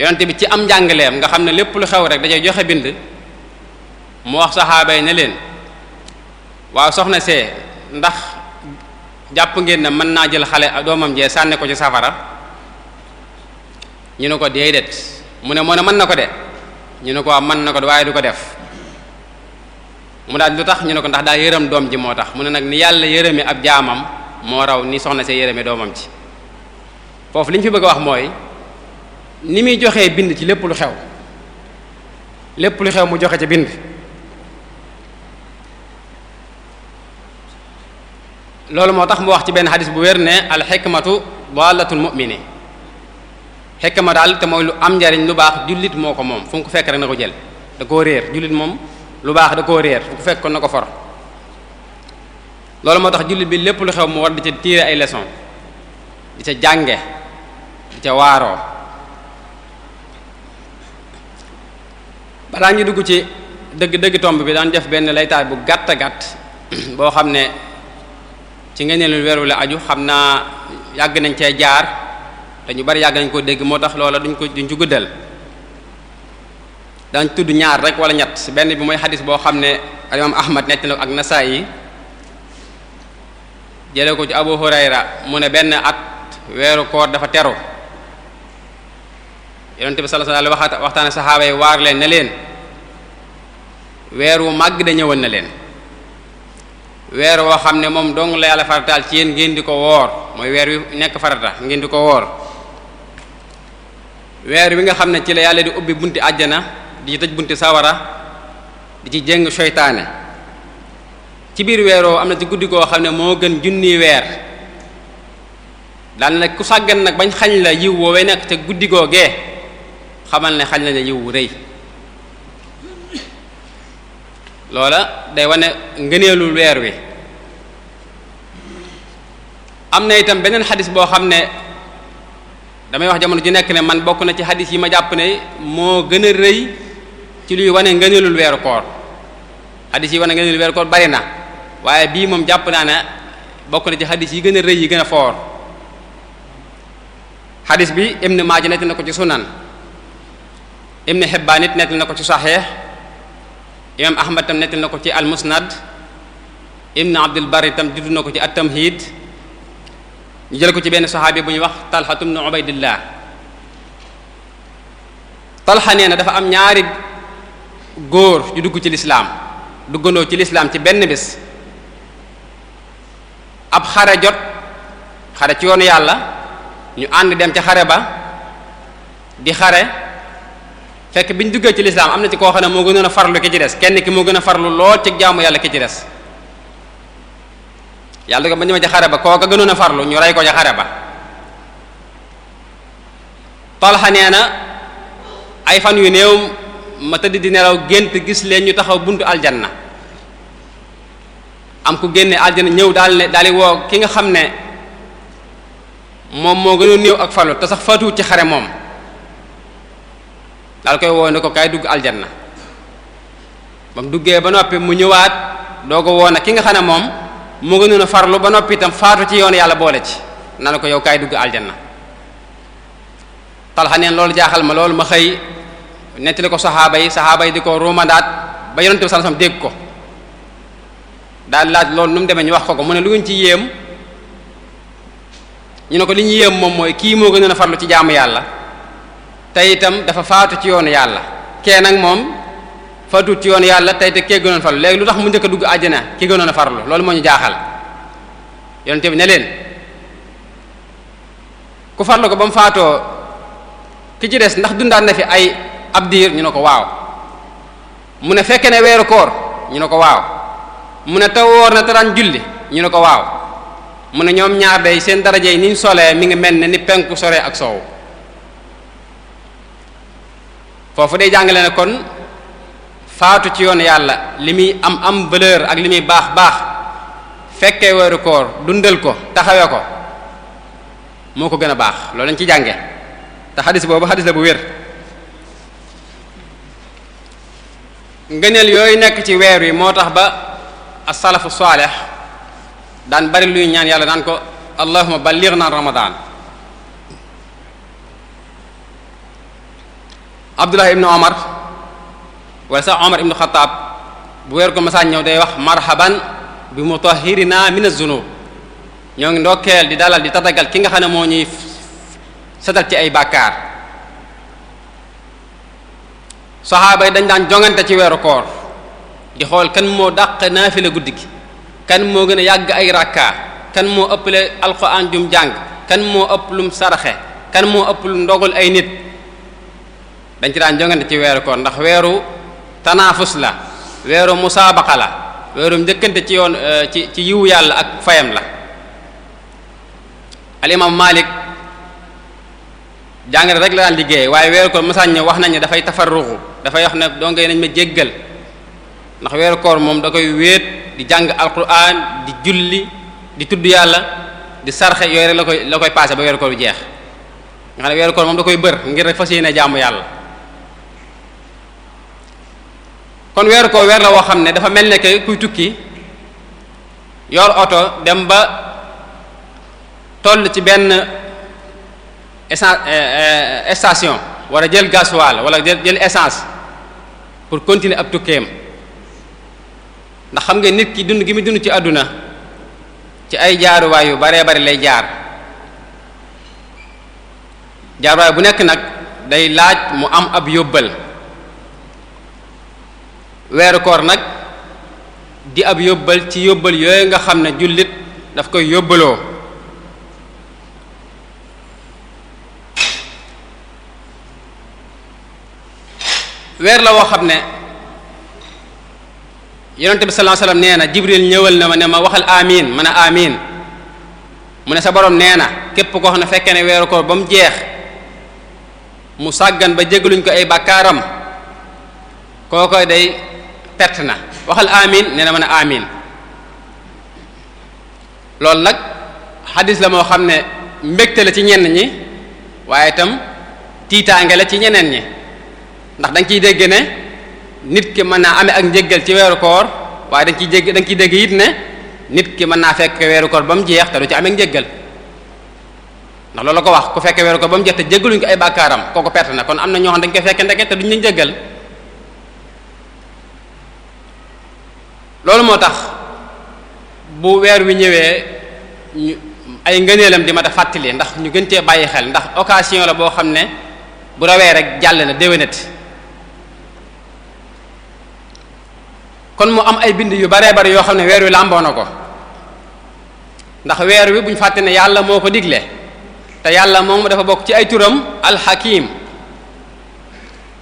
yonente bi ci am njàngaleem nga xam ne lépp lu xew rek dajay joxe bind mu wax saxaaba yi ne leen waaw soxna see ndax jàpp ngeen ne mën naa jël xale doomam jee sànni ko ci safara ñu ne ko déedéet mu ne mu ne mën na ko de ñu ne ko waaw mën na ko de waaye du ko def mu daal lu tax ñu ne ko ndax daal yërëm doom ji moo tax mu ne nag ni yàlla yërëme ab jaamam moo raw ni soxna see yërëme doomam ci foofu li ñu fi bëgg a wax mooy ni muy joxe bind ci lépp lu xew lépp lu xew mu joxe ci bind loolu moo tax mu wax ci benn xadis bu wér ne al xikmatu dalatul mu'mini xikma daal te mooy lu am njariñ lu baax jullit moo ko moom fu mu ko fekk rek na ko jël da koo réer jullit moom lu baax da ko réer bu fekk na ko for loolu moo tax jullit bi lépp lu xew mu war di ca tiire ay leson di ca jànge di ca waaroo balaa ngi dugg ci dëgg dëgg tomb bi daan def benn laytaay bu gàtt gàtt boo xam ne ci nga ne lu weeru la aju xam naa yàgg nañ cee jaar te ñu yàgg nañ koo dégg moo tax loola dañ ko duñ ci guddal dañ tudd ñaar rek wala ñett benn bi mooy xadis boo xam ne alimam ahmad nett na ak nasaa yi jële ko ci abu hurayra mu ne benn at weeru koor dafa teru yonente bi sallallahu alayhi wasallam waxtaane saxaaba waar leen ne leen weer wu màgg da ñëwoon na leen weer woo xam ne moom dong la yàlla farataal ci yéen ngeen di ko woor mooy weer wi nekk farata ngeen di ko woor weer wi nga xam ne ci la yàlla di ubbi bunt àjjana di ci tëj bunti sawara di ci jéng seytaane ci biir weeroo am na ci guddi goo xam ne moo gën junni weer daal nag ku sàggan nag bañ xañ la yiw woowee nekk te guddi googee xamal ne xañ la yiw wu rëy loola day wane ngëneelul weer wi am na itam beneen xadis boo xam ne damay wax jamono ji nekk ne man bokk na ci xadis yi ma jàpp ne moo gën a rëy ci luy wane ngëneelul weeru koor xadis yi wane ngëneelul weeru koor bari na waaye bii moom jàpp naa ne bokk na ci xadis yi gën a rëy yi gën a foor xadis bi Ibn Maaja nettali na ko ci sunan Ibn Hibbaan it nettali na ko ci saxiix imaam Ahmad tam nettali na ko ci almusnad Ibn Abdul Barr tam dudd na ko ci at-Tamhiid ñu jël ko ci benn saxaabi bu ñuy wax Talha ibn Ubaydillah Talha nee na dafa am ñaari góor ñu dugg ci lislaam gënoo ci lislaam ci benn bés ab xare jot xare ci yoonu yàlla ñu ànd dem ca xare ba di xare fekk bi ñu duggee ci lislaam am na ci koo xam ne moo gënoon a farlu ki ci des kenn ki moo gën a farlu lool ci jaamu yàlla ki ci des yàlla ko ba ñëwee ci xare ba kooka gënoon a farlu ñu rey ko ca xare ba Talha na ay fan yu néew ma tëdd di nelaw gént gis leen ñu taxaw bunt buntu na am ku génne aljanna ñëw daal ne daal di woo ki nga xam ne moom moo gën néew ak falu te sax faatuwut ci xare moom daal koy woo ne ko kaay dugg aljanna ba mu duggee ba noppi mu ñëwaat doo ko woo ki nga xam ne moom moo gënoon a farlu ba noppi itam faatu ci yoon yàlla boole ci na ko yow kaay dugg aljanna talxa neen loolu jaaxal ma loolu ma xëy nettali ko saxaaba yi saxaaba yi di ko ruumandaat ba yonent bi sallallahu dégg ko daal laaj loolu nu mu demee ñu wax ko ko mu ne lu ngeen ci yéem ñu ne ko li ñu yéem moom mooy kii moo gën a farlu ci jaamu yàlla te itam dafa faatu ci yoonu yàlla kee nag moom faatu ci yoonu yàlla tey te kee gënoon farlu léegi lu tax mu njëkk a dugg àjjana ki gënoon a farlu loolu moo ñu jaaxal yonent bi ne ku farlu ko ba mu faatoo ki ci des ndax dundaan na fi ay ab diir ñu ne ko waaw mu ne fekke ne weeru koor ñu ne ko waaw mu ne taw woor na te daan julli ñu ne ko waaw mu ne ñoom ñaar day seen daraje yi ni ñu solee mi ngi mel na ni penku sore ak soow foofu day jàngale ne kon faatu ci yoon yàlla li muy am am valeur ak li muy baax baax fekkee weeru koor dundal ko taxawe ko moo ko gën a baax loolu lañ ci jànge te xadis boobu xadis la bu wér ngëneel yooyu nekk ci weer wi moo tax ba asalafu saalih daan bari luy ñaan yàlla naan ko allahuma ballighna ramadan abdullah ibnu omar wala sax omar ibnu xataab bu weer ko masaan ñëw day wax marhaban bi mutahhirina min az-zunub ñoo ngi ndokkeel di dalal di tatagal ki nga xam ne moo ñuy setal ci ay bakkaar saxaaba yi dañ daan jongante ci weeru koor di xool kan moo dàq naafila guddi gi kan moo gën a yàgg ay rakka kan moo ëpple alxuraan jum jàng kan moo ëpp lum saraxe kan moo ëpp lum ndogal ay nit dañ ci daan jongante ci weeru koor ndax weeru tanaafus la weeru musaabaqa la weeru njëkkante ci yoon euh, ci ci yiwu yàlla ak fayam la alimam Malik jàngale rek la daan liggéey waaye weeru koor masàññe wax nañ ne dafay tafarruxu dafa wax ne doo ngay nañ ma jéggal ndax weeru koor moom da koy wéet di jàng alquran di julli di tudd yàlla di sarxe yooyu rek la koy la koy passé ba weeru koor bi jeex nga xam ne weeru koor moom da koy bër ngir fas yéene jaamu yàlla kon weeru weer woo xam ne dafa mel ne que kuy tukki yor oto dem ba toll ci benn essence eh, eh, station wala jël gasoil wala jël essence pour continuer ab tukkeem ndax xam nga nit ki dund gi mu dund ci àdduna ci ay jaaruwaay yu baree bari lay jaar jaaruwaay bu nekk nag day laaj mu am ab yóbbal weeru koor nag di ab yóbbal ci yóbbal yooyu nga xam ne jullit daf koy yóbbaloo weer la woo xam ne yonente bi sallallahu alayhi wasallam nee na jibril ñëwal na ma ne ma waxal amin mën a amin mu ne sa borom nee na képp koo xam ne fekkee ne weeru koor ba mu jeex mu sàggan ba jégaluñ ko ay bàkkaaram kooko day perte na waxal amin nee na mën a amin loolu nag xadis la moo xam ne mbégte la ci ñenn ñi waaye itam tiitaange la ci ñeneen ñi ndax da nga ciy dégg ne nit ki mën naa amee ak njéggal ci weeru koor waaye da nga ciy dégg da nga dégg it ne nit ki mën naa fekk weeru koor ba mu jeex te du ci amee njéggal ndax loolu la ko wax ku fekk weeru koor ba mu jeex te jéggaluñ ko ay bàkkaaram kooku perte na kon am na ñoo xam dañ koy fekke ndeke te duñ leen jéggal loolu moo tax bu weer wi ñëwee ay ngëneelam di mat a fàttali ndax ñu gën cee bàyyi xel ndax occasion la boo xam ne bu rawee rek jàll na déwénati kon mu am ay bind yu baree bari yoo xam ne weer wi làmboo na ko ndax weer wi bu ñu ne yàlla moo ko digle te yàlla moom dafa bokk ci ay turam alxakim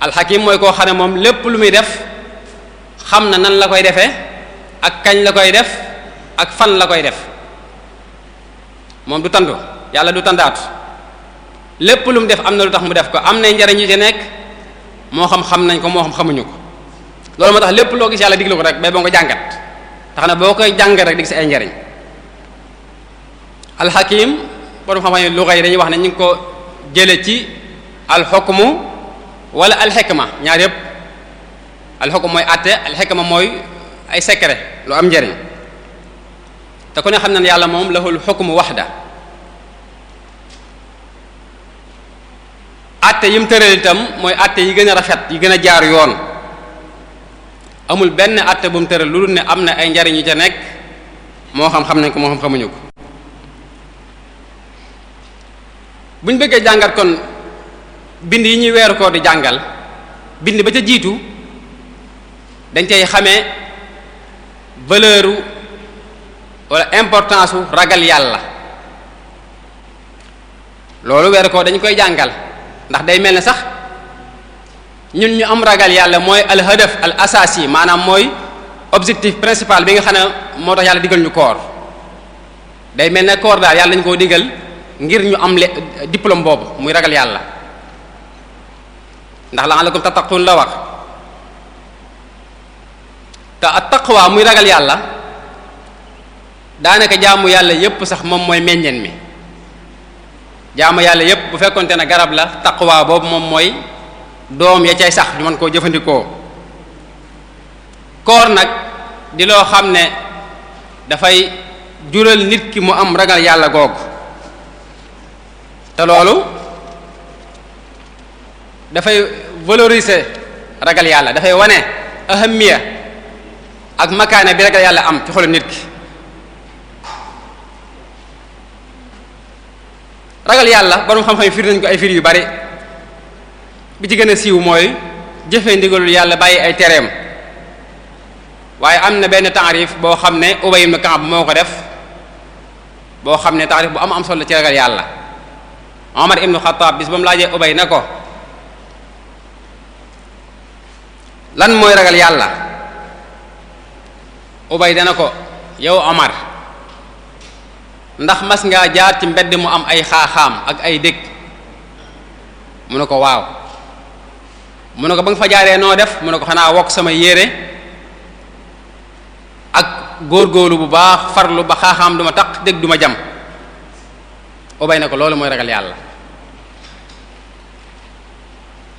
alxakim mooy koo xam ne moom lépp lu muy def xam na nan la koy defee ak kañ la koy def ak fan la koy def moom du tandu yàlla du tandaatu lépp lu mu def am na lu tax mu def ko am nay njariñ yi ci nekk moo xam xam nañ ko moo xam xamuñu ko loolu moo tax lépp loo gis yàlla diglu ko rek bay boo ko jàngat tax na boo koy jàngat rek di gis ay njariñ alxakim borom xam-xam yi luxa yi dañuy wax ne ñu ko jële ci alxukmu wala alxikma ñaar yëpp alxukmu mooy àtte alxikma mooy ay secret lu am njariñ te ko ne xam ne yàlla moom lahul xukmu waxda àtte yim tëral itam mooy àtte yi gën a rafet yi gën a jaar yoon amul benn atte bu mu tëral lu dul ne am na ay njariñ yu ca nekk moo xam xam nañ ko moo xam xamuñu ko bu ñu bëggee jàngat bind yi ñuy weeru di jàngal bind ba ca jiitu dañ koy xame valeur wala importance su ragal yàlla loolu weeru koo dañ koy jàngal ndax day mel ne sax ñun ñu am ragal yàlla mooy al hadaf al asasi maanaam mooy objectif principal bi nga xam ne moo tax yàlla digal ñu koor day mel ne koor daal yàlla dañu koo digal ngir ñu am le diplôme boobu muy ragal yàlla ndax la'allakum tattaqun la wax te ak taqwa muy ragal yàlla daanaka jaamu yàlla yépp sax moom mooy meññeen mi jaamu yàlla yépp bu fekkonte ne garab la taqwa boobu moom mooy doom ya cay sax ñu mën koo jëfandikoo koor nag di loo xam ne dafay jural nit ki mu am ragal yàlla googu te loolu dafay valoriser ragal yàlla dafay wane ahamiya ak makaane bi ragal yàlla am ci xolu nit ki ragal yàlla borom xam-xam firi nañ ko ay firi yu bare bi ci gën a siiw mooy jëfe ndigalul yàlla bàyyi ay tereem waaye am na benn taarif boo xam ne Ubay ibn Ka'b moo ko def boo xam ne taarif bu am am solo ci ragal yàlla Omar ibn Khattab bis ba mu na ko lan mooy ragal yàlla Ubay dana ko yow Omar ndax mas ngaa jaar ci mbedd mu am ay xaaxaam ak ay dëkk mu ne ko waaw mu ne ko ba nga fa jaaree noo def mu ne ko xanaa wokk sama yére ak góor góorgóorlu bu baax farlu ba xaaxaam du ma taq dégg du ma jam obay na ko loolu mooy ragal yàlla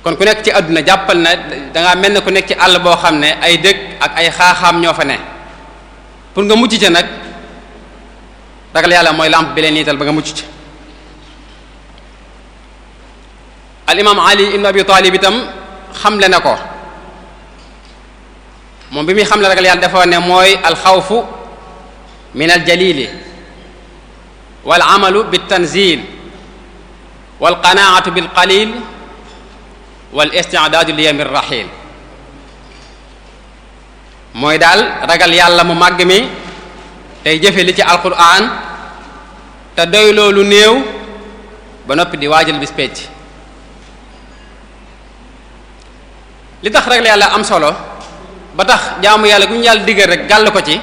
kon ku nekk ci àdduna jàppal na dangaa mel ne ku nekk ci àll boo xam ne ay dëkk ak ay xaaxaam ñoo fa ne pour nga mucc ca nag ragal yàlla mooy làmp bi leen niital ba nga mucc ca al imaam ali ibn abi itam xamle na ko moom bi muy xamle ragal yàlla dafa ne mooy alxawfu min aljalili wal amalu biltanzil walqanaatu bilqalil wal istidaadu liyawmi raxil mooy daal ragal yàlla mu màgg mi tey jëfe li ci alquran te doy loolu néew ba noppi di waajal bis pecc li tax ragal yàlla am solo ba tax jaamu yàlla gu ñu yàlla digal rek gàll ko ci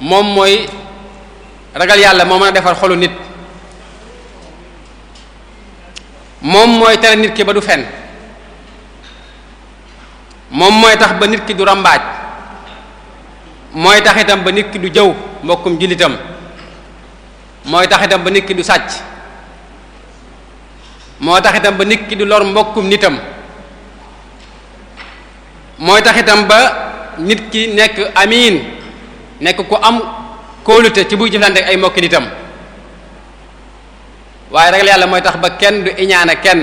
moom mooy ragal yàlla moo mën a defar xolu nit moom mooy tere nit ki ba du fen moom mooy tax ba nit ki du rambaaj mooy tax ba nit ki du jëw mbokkum jullitam mooy tax itam ba nit ki du sàcc moo tax itam ba nit ki du lor mbokkum nitam mooy tax itam ba nit ki nekk amiin nekk ku am kóolute ci buy jëflante ay mbokki nitam waaye ragal yàlla mooy tax ba kenn du iñaane kenn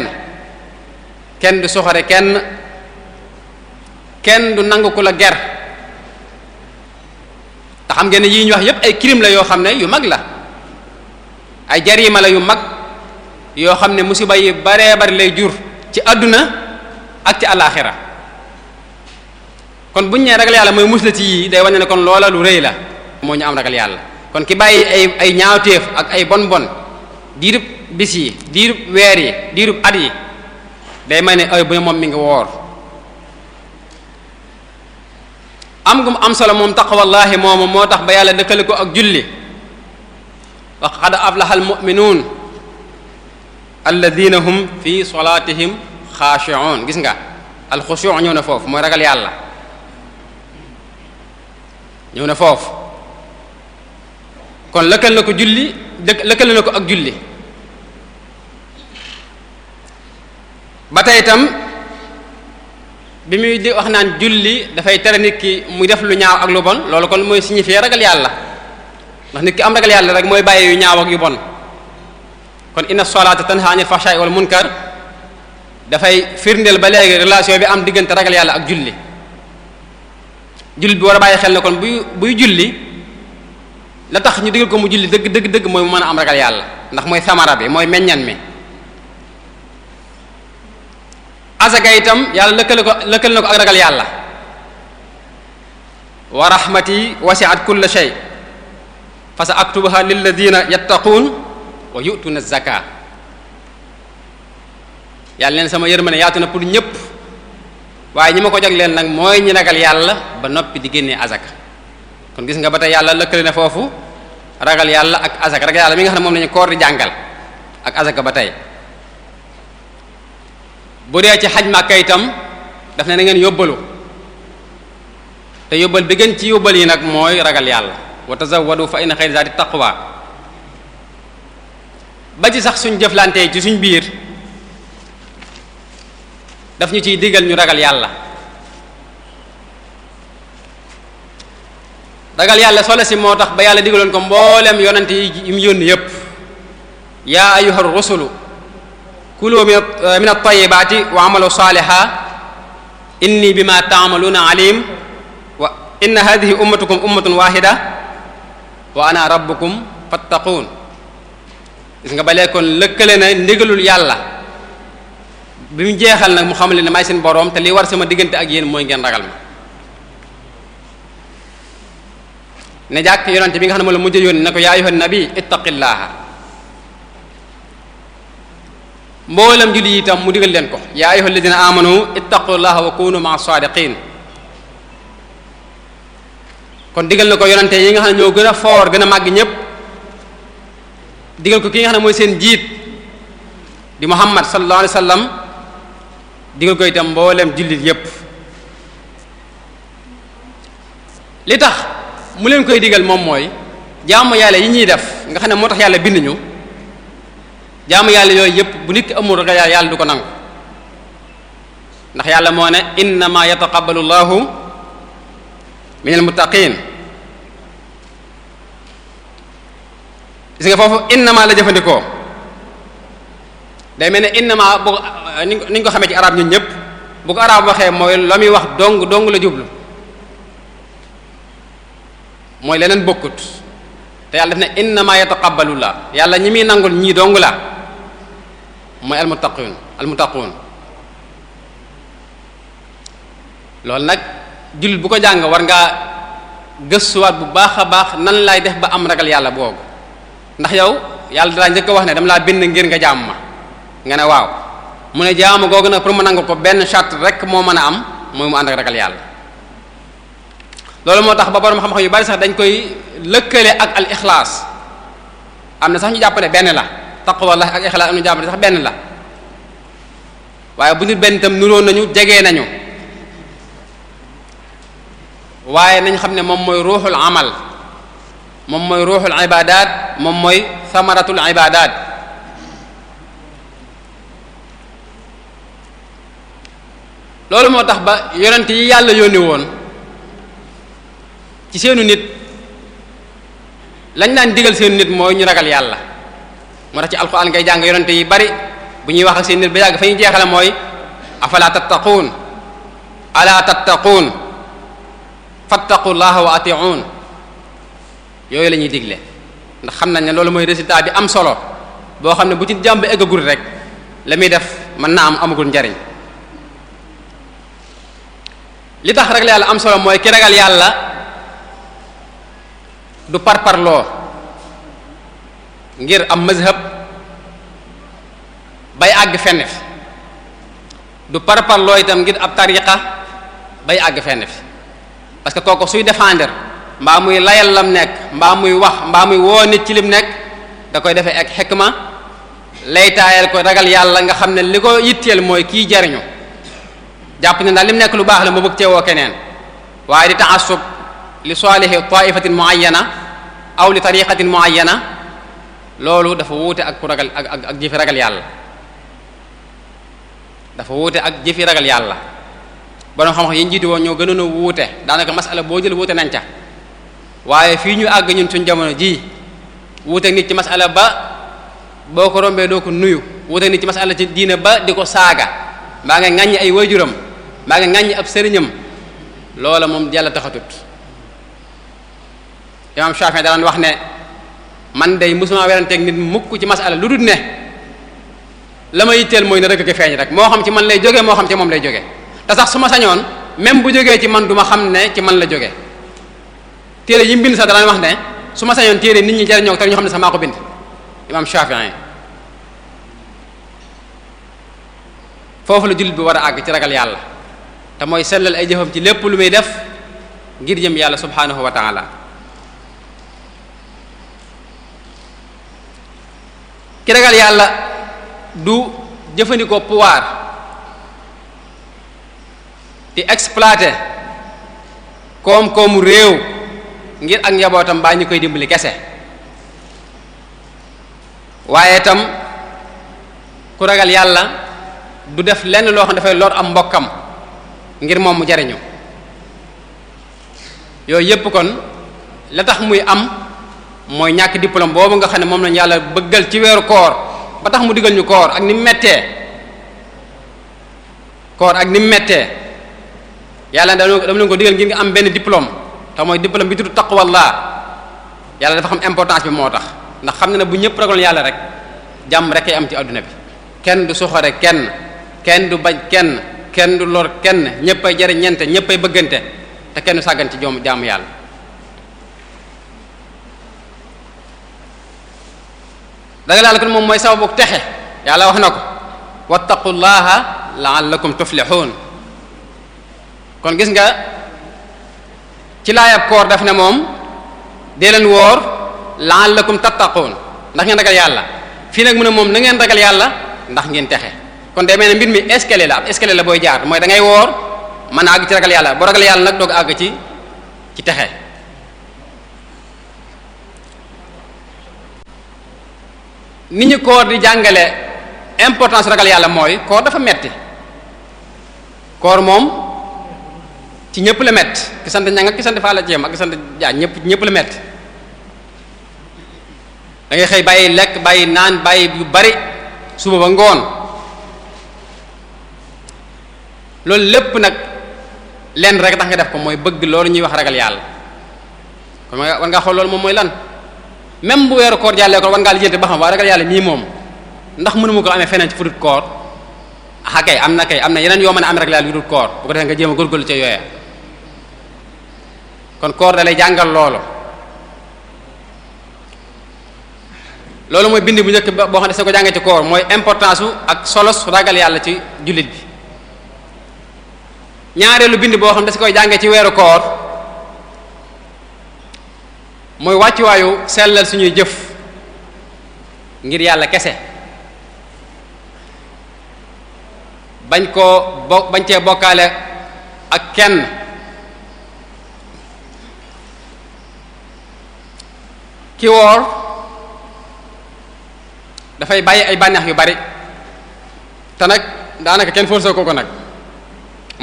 kenn du soxore kenn kenn du nangu ku la ger te xam ngeen ne ñu wax yépp ay crime la yoo xam ne yu mag la ay jarima la yu mag yoo xam ne musiba yi baree bari lay jur ci àdduna ak ci alaaxira kon buñu nee ragal yàlla mooy mus la ci yii day wane ne kon loola lu rëy la moo ñu am ragal yàlla kon ki bàyyi ay ay ak ay bon bon diirub bis yi diirub weer yi diirub at yi day may ne ay bu ne moom mi ngi woor am gu mu am solo moom taqwallaahi moomu moo tax ba yàlla dëkkale ko ak julli wa qad aflaha almuminuun alladina hum fi solatihim xaashi'un gis nga alxushu' ñëw na foofu mooy ragal yàlla ñëw na foofu kon lëkkal na ko julli lëkkal na ko ak julli ba tey itam bi muy di wax naan julli dafay tere nit ki muy def lu ñaaw ak lu bon loolu kon mooy signifier ragal yàlla ndax nit ki am ragal yàlla rek mooy bàyyi yu ñaaw ak yu bon kon inna salaata tanha anil fahsha'i munkar dafay firndeel ba léegi relation bi am diggante ragal yàlla ak julli jullit bi war a bàyyi xel na kon buy buy julli la tax ñu digal ko mu julli dëgg dëgg dëgg mooy mu mën a am ragal yàlla ndax mooy samara bi mooy meññan mi asaka itam yàlla lëkkale ko lëkkale na ko ak ragal yàlla wa rahmati wasi'at kulla shay fa sa aktubuha lilladina yattaquun wa yu'tuuna zaka yàlla neen sama yërmande yaatu na pour ñépp waaye ñi ma ko leen nag mooy ñi ragal yàlla ba noppi di génnee azaka kon gis nga ba tey yàlla lëkkale na foofu ragal yàlla ak azaka ragal yàlla mi nga xam ne moom nañu koor di jàngal ak azaka ba tey bu dee ci xaj màkka kayitam daf ne na ngeen yóbbalu te yóbbal bi gën ci yóbbal yi nag mooy ragal yàlla wa tazawwadu fa inna xayra zaadi taqwa ba ci sax suñ jëflante ci suñ biir daf ñu ciy digal ñu ragal yàlla ragal yàlla solo si moo tax ba yàlla digaloon ko mboolem yonent yi mu yónni yépp yaa ayuha rusulu kulu min at wa amalu saalihan inni bima taamaluuna alim wa inna hadihi ummatukum ummatun wa ana rabbukum fattaquun gis nga ba léegi kon yàlla bi mu jeexal nag mu xamal ne maay seen boroom te li war sama diggante ak yéen mooy ngeen ragal ma ne jàkk yonante bi nga xam ne moom la mujj yónni ne ko yaa ayyuhan nabi ittaqillaaha mboolam julli itam mu digal leen ko yaa ayyuhal ladina amanu ittaqullaaha wa kunu ma saadiqin kon digal na ko yonante yi nga xam ne ñoo gën a foor gën a màgg ñépp digal ko ki nga xam ne mooy seen jiit di muhammad sallallahu alayhi wa sallam digal koy itam mboolem jullit yépp li tax mu leen koy digal moom mooy jaamu yàlla yi ñuy def nga xam ne moo tax yàlla bind ñu jaamu yàlla yooyu yépp bu nit ki amul yàlla du ko nangu ndax yàlla moo ne innama yataqabbalu llahu min almuttaqin gis nga foofu ma la jëfandikoo day mel ne innama bu ni ñu ko xamee ci arab ñun ñëpp bu ko arab waxee mooy la muy wax dong dong la jublu mooy leneen bokkut te yàlla def ne innama yataqabbalu la yàlla ñi muy nangul ñii dong la mooy almuttaquun almuttaquun loolu nag jullit bu ko jàng war ngaa gëstuwaat bu baax a baax nan lay def ba am ragal yàlla boobu ndax yow yàlla dalaa njëkk wax ne dama laa bind ngir nga jàmm nga ne waaw mu ne jaamu googu nag pour mu nangu ko benn charte rek moo mën a am mooy mu ànd ak ragal yàlla loolu moo tax ba borom xam-xam yu bari sax dañ koy lëkkale ak al ixlaas am na sax ñu jàppale benn la taqwallah ak ixlaas am na jàppale sax benn la waaye bu ñu benn itam nuróo nañu jege nañu waaye nañ xam ne moom mooy ruuxul amal moom mooy ruuxul ibadat moom mooy samaratul ibadat loolu moo tax ba yonent yi yàlla yónni woon ci seenu nit lañ daan digal seenu nit mooy ñu ragal yàlla moo tax ci alxuraan ngay jàng yonent yi bari bu ñuy wax ak seen nit ba yàgg fa ñuy jeexale mooy afala tattaquun ala tattaquun fattaqullaha wa atiun yooyu lañuy digle ndax xam nañ ne loolu mooy résultat bi am solo boo xam ne bu ci jàmb eggagul rek la muy def mën naa am amagul njariñ li tax ragal yàlla am solo mooy ki ragal yàlla du parloo ngir am mazhab bay àgg fenn fi du parparloo itam ngir ab tariqa bay àgg fenn fi parce que kooku suy défendre mbaa muy layal la mu nekk mbaa muy wax mbaa muy woo nit ci lim nekk da koy defee ak xikma lay taayal ko ragal yàlla nga xam ne li ko yitteel mooy kiy jariñu jàpp ne daal mu nekk lu baax la ma bëgg cee keneen waaye di ta'assub li salihi ta'ifatin muayyana aw li tariqatin muayyana loolu dafa wuute ak ku ragal ak ak jëfi ragal yàlla dafa wuute ak jëfi ragal yàlla borom xam-xam yi ñu woon ñoo gënoon a wuute daanaka masala boo jël wuute nañ ca waaye fii ñu àgg ñun suñ jamono ji wuute nit ci masala ba boo ko rombee doo ko nuyu wuute nit ci masala ci diine ba di ko saaga mbaa nga ŋàññi ay waajuram mbaa nga ŋàññi ab sëriñam loola moom yàlla taxatut imaam Shaafi'i daan wax ne man day mosuma weranteeg nit mukk ci masala lu dul ne la ma yitteel mooy ne rek a feeñ rek moo xam ci man lay jóge moo xam ci moom lay jógee te sax su ma sañoon même bu jógee ci man du ma xam ne ci man la jógee téere yi mu bind sax daan wax ne su ma sañoon téere nit ñi jariñoo te ñu xam ne sax maa ko bind imaam Shaafi'i foofu la jullit bi war a àgg ci ragal yàlla te mooy sellal ay jëfam ci lépp lu muy def ngir jëm yàlla subhaanahu wa taala ki ragal yàlla du jëfandikoo pouvoir di exploiter koom-koomu réew ngir ak njabootam baa ñu koy dimbali kese waaye tam ku ragal yàlla du def lenn loo xam dafay lor am mbokkam ngir moom mu jariñu yooyu yépp kon la tax muy am mooy ñàkk diplôme boobu nga xam ne moom lañu yàlla bëggal ci weeru koor ba tax mu digal ñu koor ak ni mu mettee koor ak ni mu mettee yàlla da dama leen ko digal ngir nga am benn diplôme tax mooy diplôme bi tudd taqwallah yàlla dafa xam importance bi moo tax ndax xam na ne bu ñëpp ragal yàlla rek jàmm rek ay am ci àdduna bi kenn du soxore kenn kenn du bañ kenn kenn du lor kenn ñëpp ay jariñante ñëpp ay bëggante te kenn sàggan ci joomu jaamu yàlla daga laal kon moom mooy sababu texe yàlla wax na ko wattaqullaha la'allakum tuflihun kon gis nga ci laayab koor daf ne moom dee leen woor la'allakum tattaqun ndax ngeen ragal yàlla fii nag mu ne moom na ngeen ragal yàlla ndax ngeen texe kon demee ne mbir mi escalier la ab escalier la booy jaar mooy da ngay woor mën a àgg ci ragal yàlla boo ragal yàlla nag doog àgg ci ci texe ni ñu koor di jàngale importance ragal yàlla mooy koor dafa metti koor moom ci ñëpp la mett ki sant ña nga ki sant faa la ak ki sant jaa ñëpp ñëpp la mett da ngay xëy bàyyi lekk bàyyi naan bàyyi yu bari suba ba ngoon loolu lépp nag lenn rek tax nga def ko mooy bëgg loolu ñuy wax ragal yàlla kon war ngaa xool loolu moom mooy lan même bu weeru koor jàllee ko war ngaa lijjanti ba xam waa ragal yàlla mii moom ndax mënu mu ko amee feneen ci fudut koor ah kay am na kay am na yeneen yoo mën a am ragal yàlla yu dul koor bu ko defee nga jéem a góorgóorlu ca yooya kon koor da lay jàngal loolu loolu mooy bind bu njëkk boo xam ne soo ko jàngee ci koor mooy importance su ak solos ragal yàlla ci jullit bi ñaareelu bind boo xam da si koy jàngee ci weeru koor mooy wàccuwaayu sellal suñuy jëf ngir yàlla kese bañ koo bo bañ cee bokkaale ak kenn ki woor dafay bàyyi ay bànneex yu bari te nag daanaka kenn forcé ko ko nag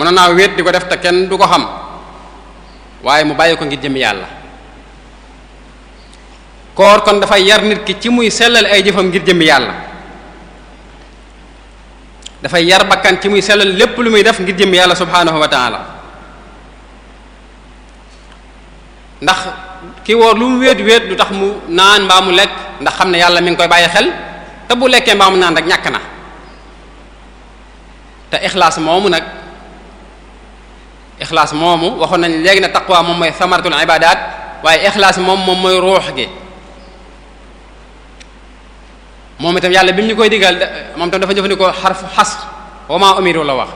mën naa wéet di ko def te kenn du ko xam waaye mu bàyyi ko ngir jëm yàlla koor kon dafay yar nit ki ci muy sellal ay jëfam ngir jëm yàlla dafay yar bakkan ci muy sellal lépp lu muy def ngir jëm yàlla subhaanahu wa taala ndax ki woor lu mu wéet wéet du tax mu naan mbaa mu lekk ndax xam ne yàlla mi ngi koy bàyyi xel te bu lekkee mbaa mu naan rek ñàkk na te ixlaas moomu nag ixlaas moomu waxoon nañ léegi ne taqwa moom mooy samaratul ibadat waaye ixlaas moom moom mooy ruux gi moom itam yàlla bi mu ñu koy digal moom itam dafa jëfandikoo xarfu xas wa ma umiru la wax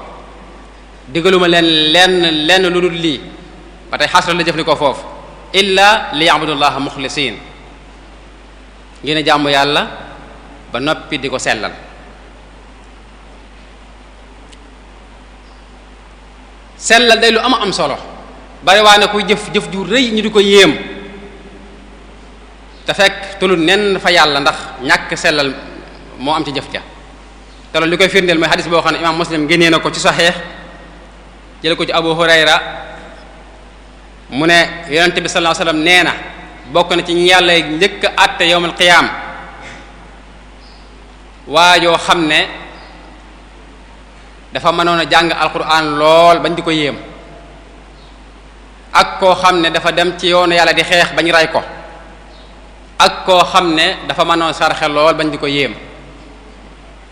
digaluma leen lenn lenn lu dul lii ba tey xasra la jëfandikoo foofu illa li ya'budullaha muxlisin ngeen a jàmm yàlla ba noppi di ko sellal sellal day lu am am solo bari waa ne kuy jëf jëf ju rëy ñu di ko yéem te fekk tulul fa yàlla ndax ñàkk sellal moo am ci jëf ja te loolu li koy firndeel mooy xadis boo xam ne imaam muslim génnee na ko ci saxeex jële ko ci abu hurayra mu ne yonente bi sallallahu wasallam nee na bokk na ci ñu yàlla njëkk àtte yowmal qiyaam waa joo xam ne dafa mënoon a jàng alquran lool bañ di ko yéem ak koo xam ne dafa dem ci yoonu yàlla di xeex bañ ray ko ak koo xam ne dafa mënoon sarxe lool bañ di ko yéem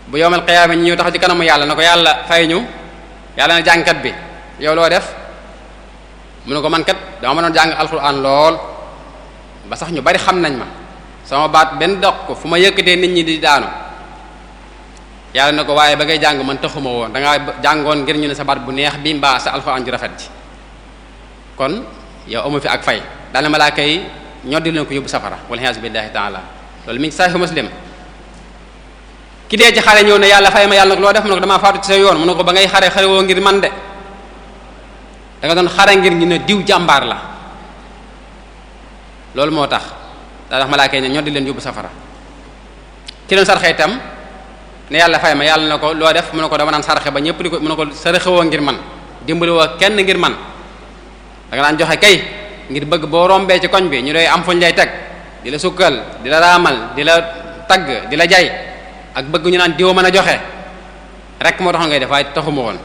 bu yowmal qiyaama ñi ñëw taxaw ci kanamu yàlla na ko yàlla fay ñu yàlla na jàngkat bi yow loo def mu ne ko man kat dama mënoon jàng alquran lool ba sax ñu bari xam nañ ma sama baat benn dox ko fu ma yëkkatee nit ñi di daanu yàlla na ko waaye ba ngay jàng man taxuma woon da ngaa jàngoon ngir ñu ne sa baat bu neex bi mbaa sa alxuraan ju rafet ji kon yow amu fi ak fay daal malaaka yi ñoddi leen ko yóbbu safara wal iyaazu billaahi taala loolu mi ngi saxiixu muslim ki dee ci xare ñëw ne yàlla fay ma yàlla nag def mu damaa faatu ci sa yoon ne ko ba ngay xare xare woo ngir man de da doon xare ngir ñu ne diw jàmbaar la loolu moo tax daa tax malaaka yi ne ñoddi leen yóbbu safara ki doon sarxe itam ne yàlla fay ma yàlla na ko loo def mu ne ko dama daan saraxe ba ñëpp di ko mu ne ko saraxewoo ngir man dimbali kenn ngir man da nga joxe kay ngir bëgg boo rombee ci koñ bi ñu doy am fuñ lay teg di la sukkal di la raamal di la tagg di la jay ak bëgg ñu naan diwa mën a joxe rekk moo taxoon ngay def waaye taxuma woon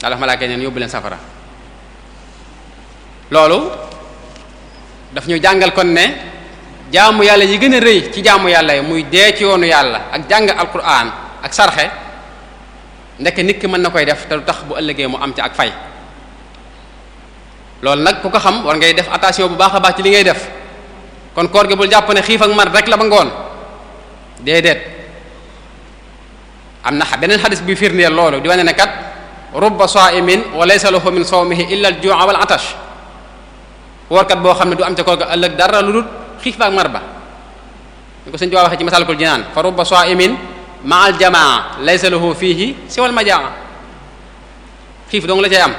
daal dafa malaaka neen yóbbu leen safara loolu daf ñu jàngal kon ne jaamu yàlla yi gën a rëy ci jàmm yàlla yi muy dee ci yoonu yàlla ak jàng alquran ak sarxe ndeke nit mën na koy def te du tax bu ëllëgee mu am ci ak fay loolu nag ku ko xam war ngay def attention bu baax a baax ci li ngay def kon koor gi bul jàpp ne xiif ak mar rek la ba ngoon déedéet am na beneen xadis bi firndeel loolu di wane ne kat rubba sa'imin wa laysa lahu min sawmihi illa al-ju'a wal atash woorkat boo xam ne du am ca koor ga ëllëg xiif ba ak mar ba ñu ko sëñ Tuubaa waxee ci masalikul jinaan fa rubba sa'imin ma'al jamaa laysa lahu fihi siwal majaa xiif dong la cay am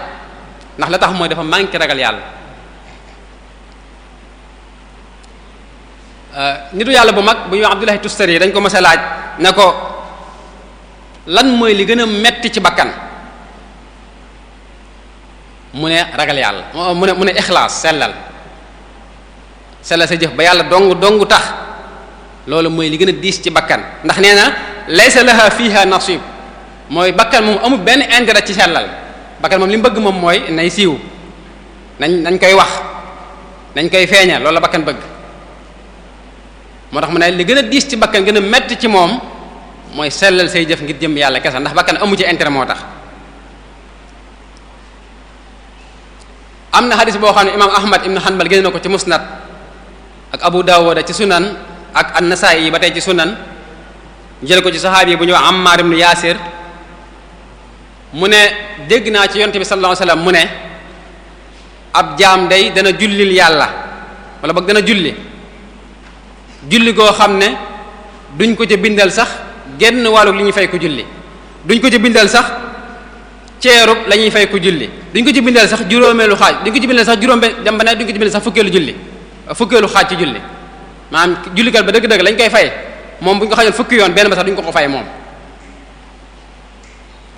ndax la tax mooy dafa manqué ragal yàlla euh, nitu yàlla bu mag bu ñuy wax Abdullahi Tustari dañ ko mës laaj ne ko lan mooy li gën a metti ci bakkan mu ne ragal yàlla mu ne mu ne ixlaas sellal sala sa jëf ba yàlla dong dong tax loolu mooy li gën a diis ci bakkan ndax nee na laysa laha fiha nasib mooy bakkan moom amul benn intérêt ci sellal bakkan moom li mu bëgg moom mooy nay siiw nañ nañ koy wax nañ koy feeñal loolu la bakkan bëgg moo tax mu ne li gën a diis ci bakkan gën a metti ci moom mooy sellal say jëf ngir jëm yàlla kese ndax bakkan amu ci intere moo tax am na xadis boo xam ne imaam ahmad ibnu hanbal génn na ko ci musnad ak abu daawuda ci sunan ak an-nasaa'i ba tey ci sunan jël ko ci yi bu ñëw ammar ibn yaasir mu ne dégg naa ci yonte bi sallallahu alayhi mu ne ab jaam day dana jullil yàlla wala boog dana julli julli koo xam ne duñ ko ca bindal sax genn wàllu li ñuy fay ko julli duñ ko ci bindal sax ceerub la ñuy fay ko julli duñ ko ci bindal sax juróomeelu xaaj duñ ko ci bindal sax juróom dem ba ne duñ ko ci bindal sax fukkeelu julli fukkeelu xaaj ci julli maanaam jullikat ba dëgg-dëgg lañ koy fay moom bu ñu ko xajoon fukki yoon benn ba sax duñ ko ko fay moom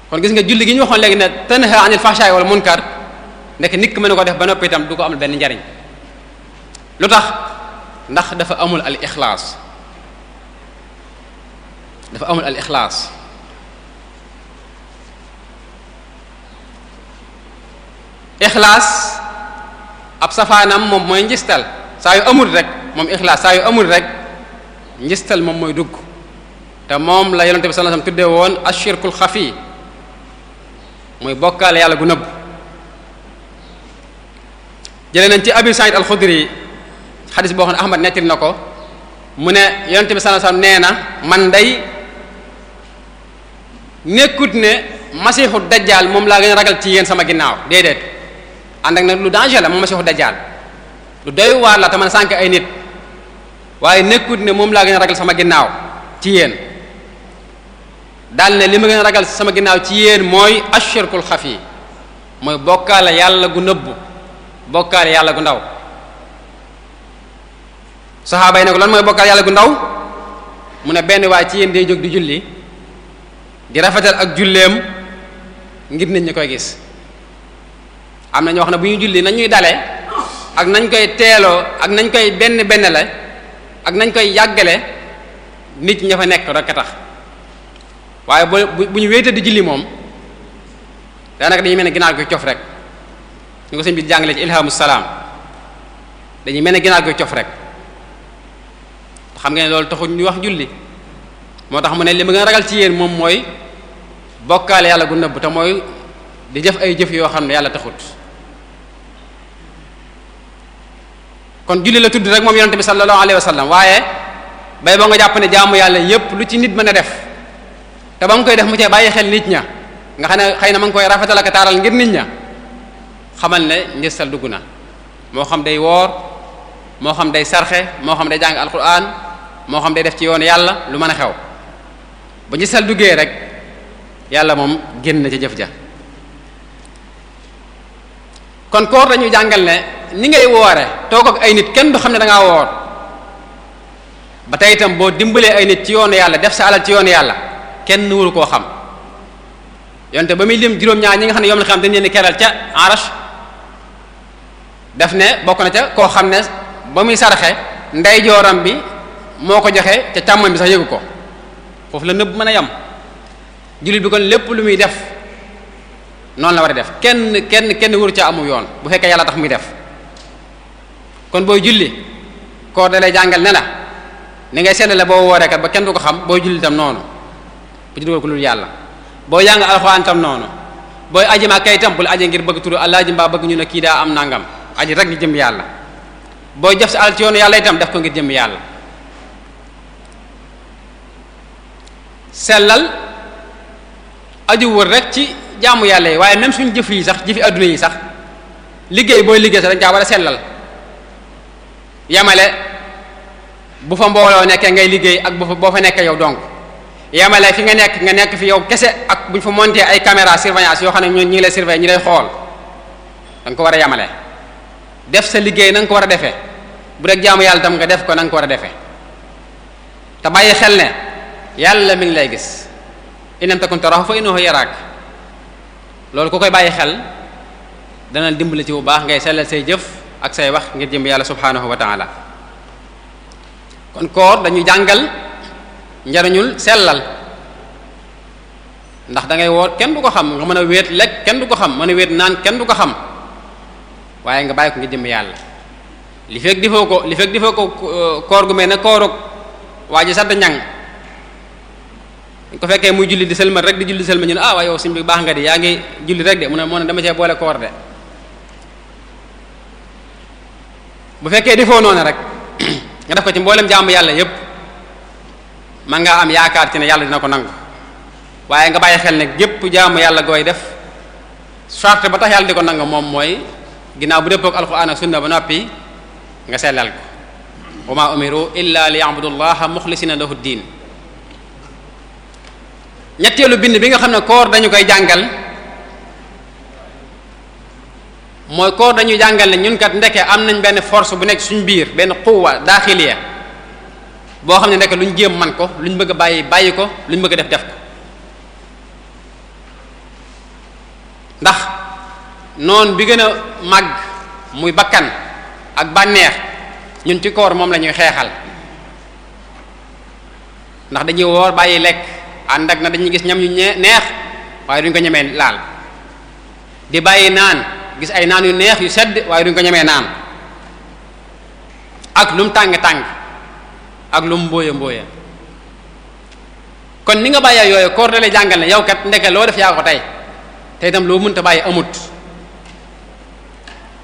kon gis nga julli gi ñu waxoon léegi ne te tanha anil fahsha'i wal munkar ndek nit ki mën ko def ba noppi itam du ko amul benn njariñ lu tax ndax dafa amul al ixlaas dafa amul al ixlaas ixlaas ab safaanam moom mooy njistal saa yu amul rek moom ixlaas saa yu amul rek njistal moom mooy dugg te moom la yonente bi sallallahu alayhi wasallam tuddee woon ashirkul xafi muy bokkaale yàlla gu nëbb jëlee nañ ci abi saïd alxudri yi boo xam ne ahmad nettil na ko mu ne yonente bi sallallahu nee na man day nekkut ne masiixu dajjaal moom laa gën a ragal ci yéen sama ginnaaw déedéet ànd ak nag lu danger la moom masiixu dajaal lu doy waar la te man sànq ay nit waaye nekkut ne moom laa gën a ragal sama ginnaaw ci yéen daal ne li ma gën a ragal sama ginnaaw ci yéen mooy ashirkul xafi mooy bokkaale yàlla gu nëbbu bokkaale yàlla gu ndaw saxaaba yi ne mooy bokkaale yàlla gu ndaw mu ne benn waay ci yéen day jóg di julli di rafetal ak julleem ngir nit ñi koy gis am na ñoo xam ne bu ñuy julli nañ ñuy ak nañ koy teeloo ak nañ koy benn benn la ak nañ koy yàggale nit ña fa nekk rek a tax waaye bu bu ñu wéete di julli moom daanaka dañuy mel ne ginaar koy cof rek ñu bi jàngale ci salaam dañuy mel ne ginaar koy cof rek xam nga ne loolu taxul ñu wax julli moo tax mu ne li ma nga ragal ci yéen moom mooy bokkaale yàlla gu nëbb te mooy di jëf ay jëf yoo xam ne yàlla taxut kon julli la tudd rek moom yonente bi sallallahu alayhi waaye bay ba nga jàpp ne jàmm yàlla yépp lu ci nit mën a def te ba nga koy def mu cee bàyyi xel nit ña nga xam ne xëy na ma ngi koy rafetal ak taaral ngir nit ña xamal ne njëstal dugg na moo xam day woor moo xam day sarxe moo xam day jàng alquran moo xam day def ci yoon yàlla lu mën a xew ba njëstal duggee rek yàlla moom génn na ci jëf ja kon koor dañuy jàngal ne ni ngay woore toog ak ay nit kenn du xam ne da ngaa woor ba tey itam boo dimbalee ay nit ci yoonu yàlla def sa alal ci yoonu yàlla kenn waru koo xam yonte ba muy lim juróom-ñaar ñi nga xam ne yom na xam dañu leen keral ca arash def ne bokk na ca koo xam ne ba muy saraxe ndeyjooram bi moo ko joxe ca càmmoñ bi sax yëgu ko foofu la nëbb mën a yem jullit bi kon lépp lu muy def noonu la war a def kenn kenn kenn waru ca amul yoon bu fekkee yàlla tax muy def kon booy julli koor de lay jàngal ne la ni ngay sellale boo wooree kat ba kenn du ko xam booy julli tam noonu bu ci yàlla boo jàng alxuraan tam noonu booy aji ma kay bu bul aji ngir bëgg turu àllaaji mbaa bëgg ñu ne kii daa am nangam aji rek ngi jëm yàlla booy jëf si alal ci yoonu yàlla itam def ko ngir jëm yàlla sellal aju wër rek ci jaamu yàlla yi waaye même suñu jëf yi sax jëfi adduna yi sax liggéey booy liggéey sax dañ caa war a sellal yamale bu fa mbooloo nekkee ngay liggéey ak bu fa boo fa nekkee yow donc yamale fi nga nekk nga nekk fi yow kese ak bu ñu fa monté ay caméra surveillance yoo xam ne ñu ngi lay surveiller ñu lay xool da nga ko war a yamale def sa liggéey na ko war a defee bu dee jaam yàlla tam nga def ko na ko war a defe te bàyyi xel ne yàlla mi ngi lay gis in lam takun tarahu loolu ku koy bàyyi xel dana dimbali ci bu baax ngay sellal say jëf ak say wax ngir jëm yàlla subhaanahu wa taala kon koor dañuy jàngal njariñul sellal ndax da ngay woor kenn du ko xam nga mën a wéet lekk kenn du ko xam mën a wéet naan kenn du ko xam waaye nga bàyyi ko ngir jëm yàlla li fekk difoo ko li fekk difoo ko euh, koor gu mel ne koorug waa ji sadd ñang dañ ko fekkee muy julli di sëlmal rek di julli sëlmal ñu ne ah waaye yow sëñ bi baax nga di yaa ngi julli rek de mu ne moo ne dama cee boole koor de bu fekkee defoo noonu rek nga def ko ci mboolem jàmm yàlla yépp man nga am yaakaar ci ne yàlla dina ko nangu waaye nga bàyyi xel ne gépp jàmm yàlla gooy def charte ba tax yàlla di ko nangu moom mooy ginnaaw bu dëppook alquran ak sunna ba noppi nga sellal ko wa ma umiru illa li yabudu llaha muxlisina lahu ddin ñetteelu bind bi nga xam ne koor dañu koy jàngal mooy koor dañuy jàngal ne ñun kat ndeke am nañ benn force bu nekk suñ biir benn quwwa daaxiliya boo xam ne lu ñu jéem man ko luñ bëgg a bàyyi bàyyi ko luñ bëgg a def def ko ndax noon bi gën a màgg muy bakkan ak bànneex ñun ci koor moom lañuy xeexal ndax dañuy woor bàyyi lekk ànd ak na dañuy gis ñam yu neex waaye duñ ko ñemee laal di bàyyi naan gis ay naan yu neex yu sedd waaye duñ ko ñemee naan ak lu tàng tàng ak lu mu mbóoya mbóoya kon ni nga bàyyee yooyu koor da jàngal yow kat ndeke loo def yaa ko tey te loo mënta bàyyi amut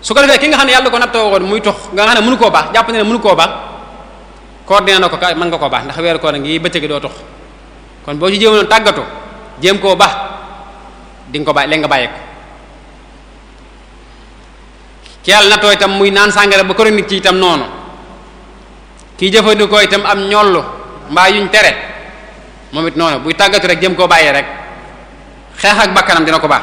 su ko defee ki nga xam ne yàlla ko nattoo woon muy tox nga xam ne mënu koo baax jàpp ne mënu koo baax koor dina na ko ka mën nga koo baax ndax weeru koor ngi bëccëg doo tox kon boo ci jéemoon tàggatu jéem koo baax di ko bàyyi léegi nga bàyyi ko ki yàlla na tooy itam muy naan sàngara ba chronique ci noonu kii jëfandikoo itam am ñollu mbaa yuñ tere moom it buy tàggatu rek jéem koo bàyyi rek xeex ak bakkanam dina ko baax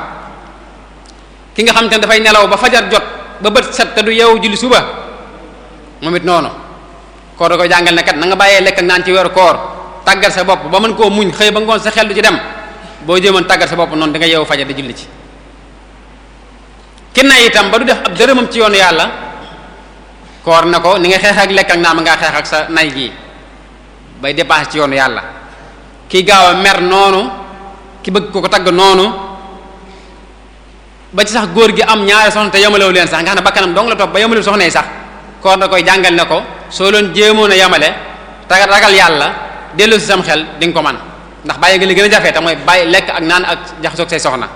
ki nga xam te ne dafay nelaw ba fajar jot ba bët set te du yeewu julli suba moom it noonu koor da ko jàngal ne kat na nga bàyyee lekk ak naan ci weeru koor tàggal sa bopp ba mën koo muñ xëy ba ngoon sa xel du ci dem boo jéemoon tàggat sa bopp noonu da nga yeewu fajar di julli ci ki nay itam ba du def ab dërëmam ci yoonu yàlla koor na ko ni nga xeex ak lekk ak naam ngaa xeex ak sa nay gii bay dépense ci yoonu yàlla ki gaaw a mer noonu ki bëgg ko ko tagg noonu ba ci sax góor gi am ñaari soxna te yamalewu leen sax nga xam ne bakkanam dong la topp ba yamalewu soxna yi sax koor na koy jàngal ne ko soo leen jéemoon a yamale ragal yàlla delloo sam xel di ko man ndax bàyyi nga li gën a jafee te mooy bàyyi lekk ak naan ak jaxasoog say soxna